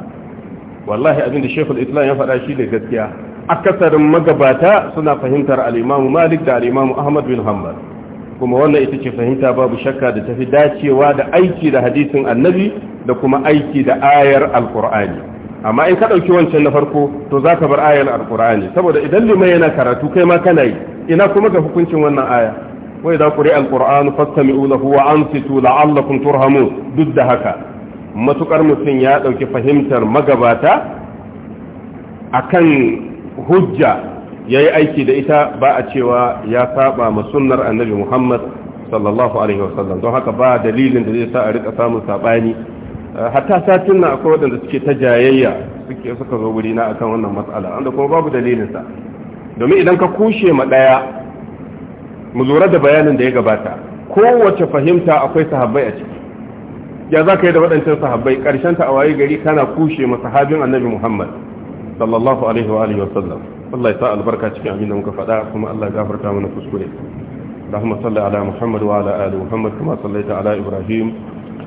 wallahi abinda shekul islam ya faɗa shi ne gaskiya akasarin magabata suna fahimtar al-imam malik da al-imam ahmad bin hanbal kuma wannan ita ce fahimta babu shakka da tafi dacewa da aiki da hadisin annabi da kuma aiki da ayar alkur'ani amma in ka ɗauki wancan na farko to za ka bar ayar alkur'ani saboda idan liman yana karatu kai ma kana yi ina kuma ga hukuncin wannan aya wai za ku ri alkur'anu fastami'u lahu wa ansitu la'allakum turhamun duk da haka matukar mutum ya ɗauki fahimtar magabata akan hujja ya yi aiki da ita ba a cewa ya saba ma sunnar annabi muhammad sallallahu alaihi wasallam don haka ba dalilin da zai sa a rika samun saɓani Eh, hatta satin na akwai waɗanda suke ta jayayya suke suka zo wuri na akan wannan matsala wanda kuma babu dalilinsa domin idan ka kushe ma ɗaya mu lura da bayanin da ya gabata kowace fahimta akwai sahabbai a ciki ya za ka yi da waɗancan sahabbai ƙarshen ta a waye gari kana kushe ma sahabin annabi muhammad sallallahu alaihi wa alihi wa sallam Allah ya sa albarka cikin abin da muka faɗa kuma Allah ya gafarta mana kuskure اللهم صل على محمد وعلى آل محمد كما صليت على Ibrahim.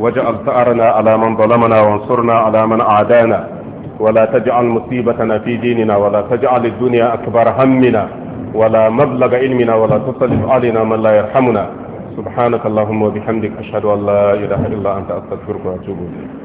واجعل ثأرنا على من ظلمنا وانصرنا على من عادانا ولا تجعل مصيبتنا في ديننا ولا تجعل الدنيا أكبر همنا ولا مبلغ علمنا ولا تصلف علينا من لا يرحمنا سبحانك اللهم وبحمدك أشهد أن لا إله إلا أنت أستغفرك وأتوب إليك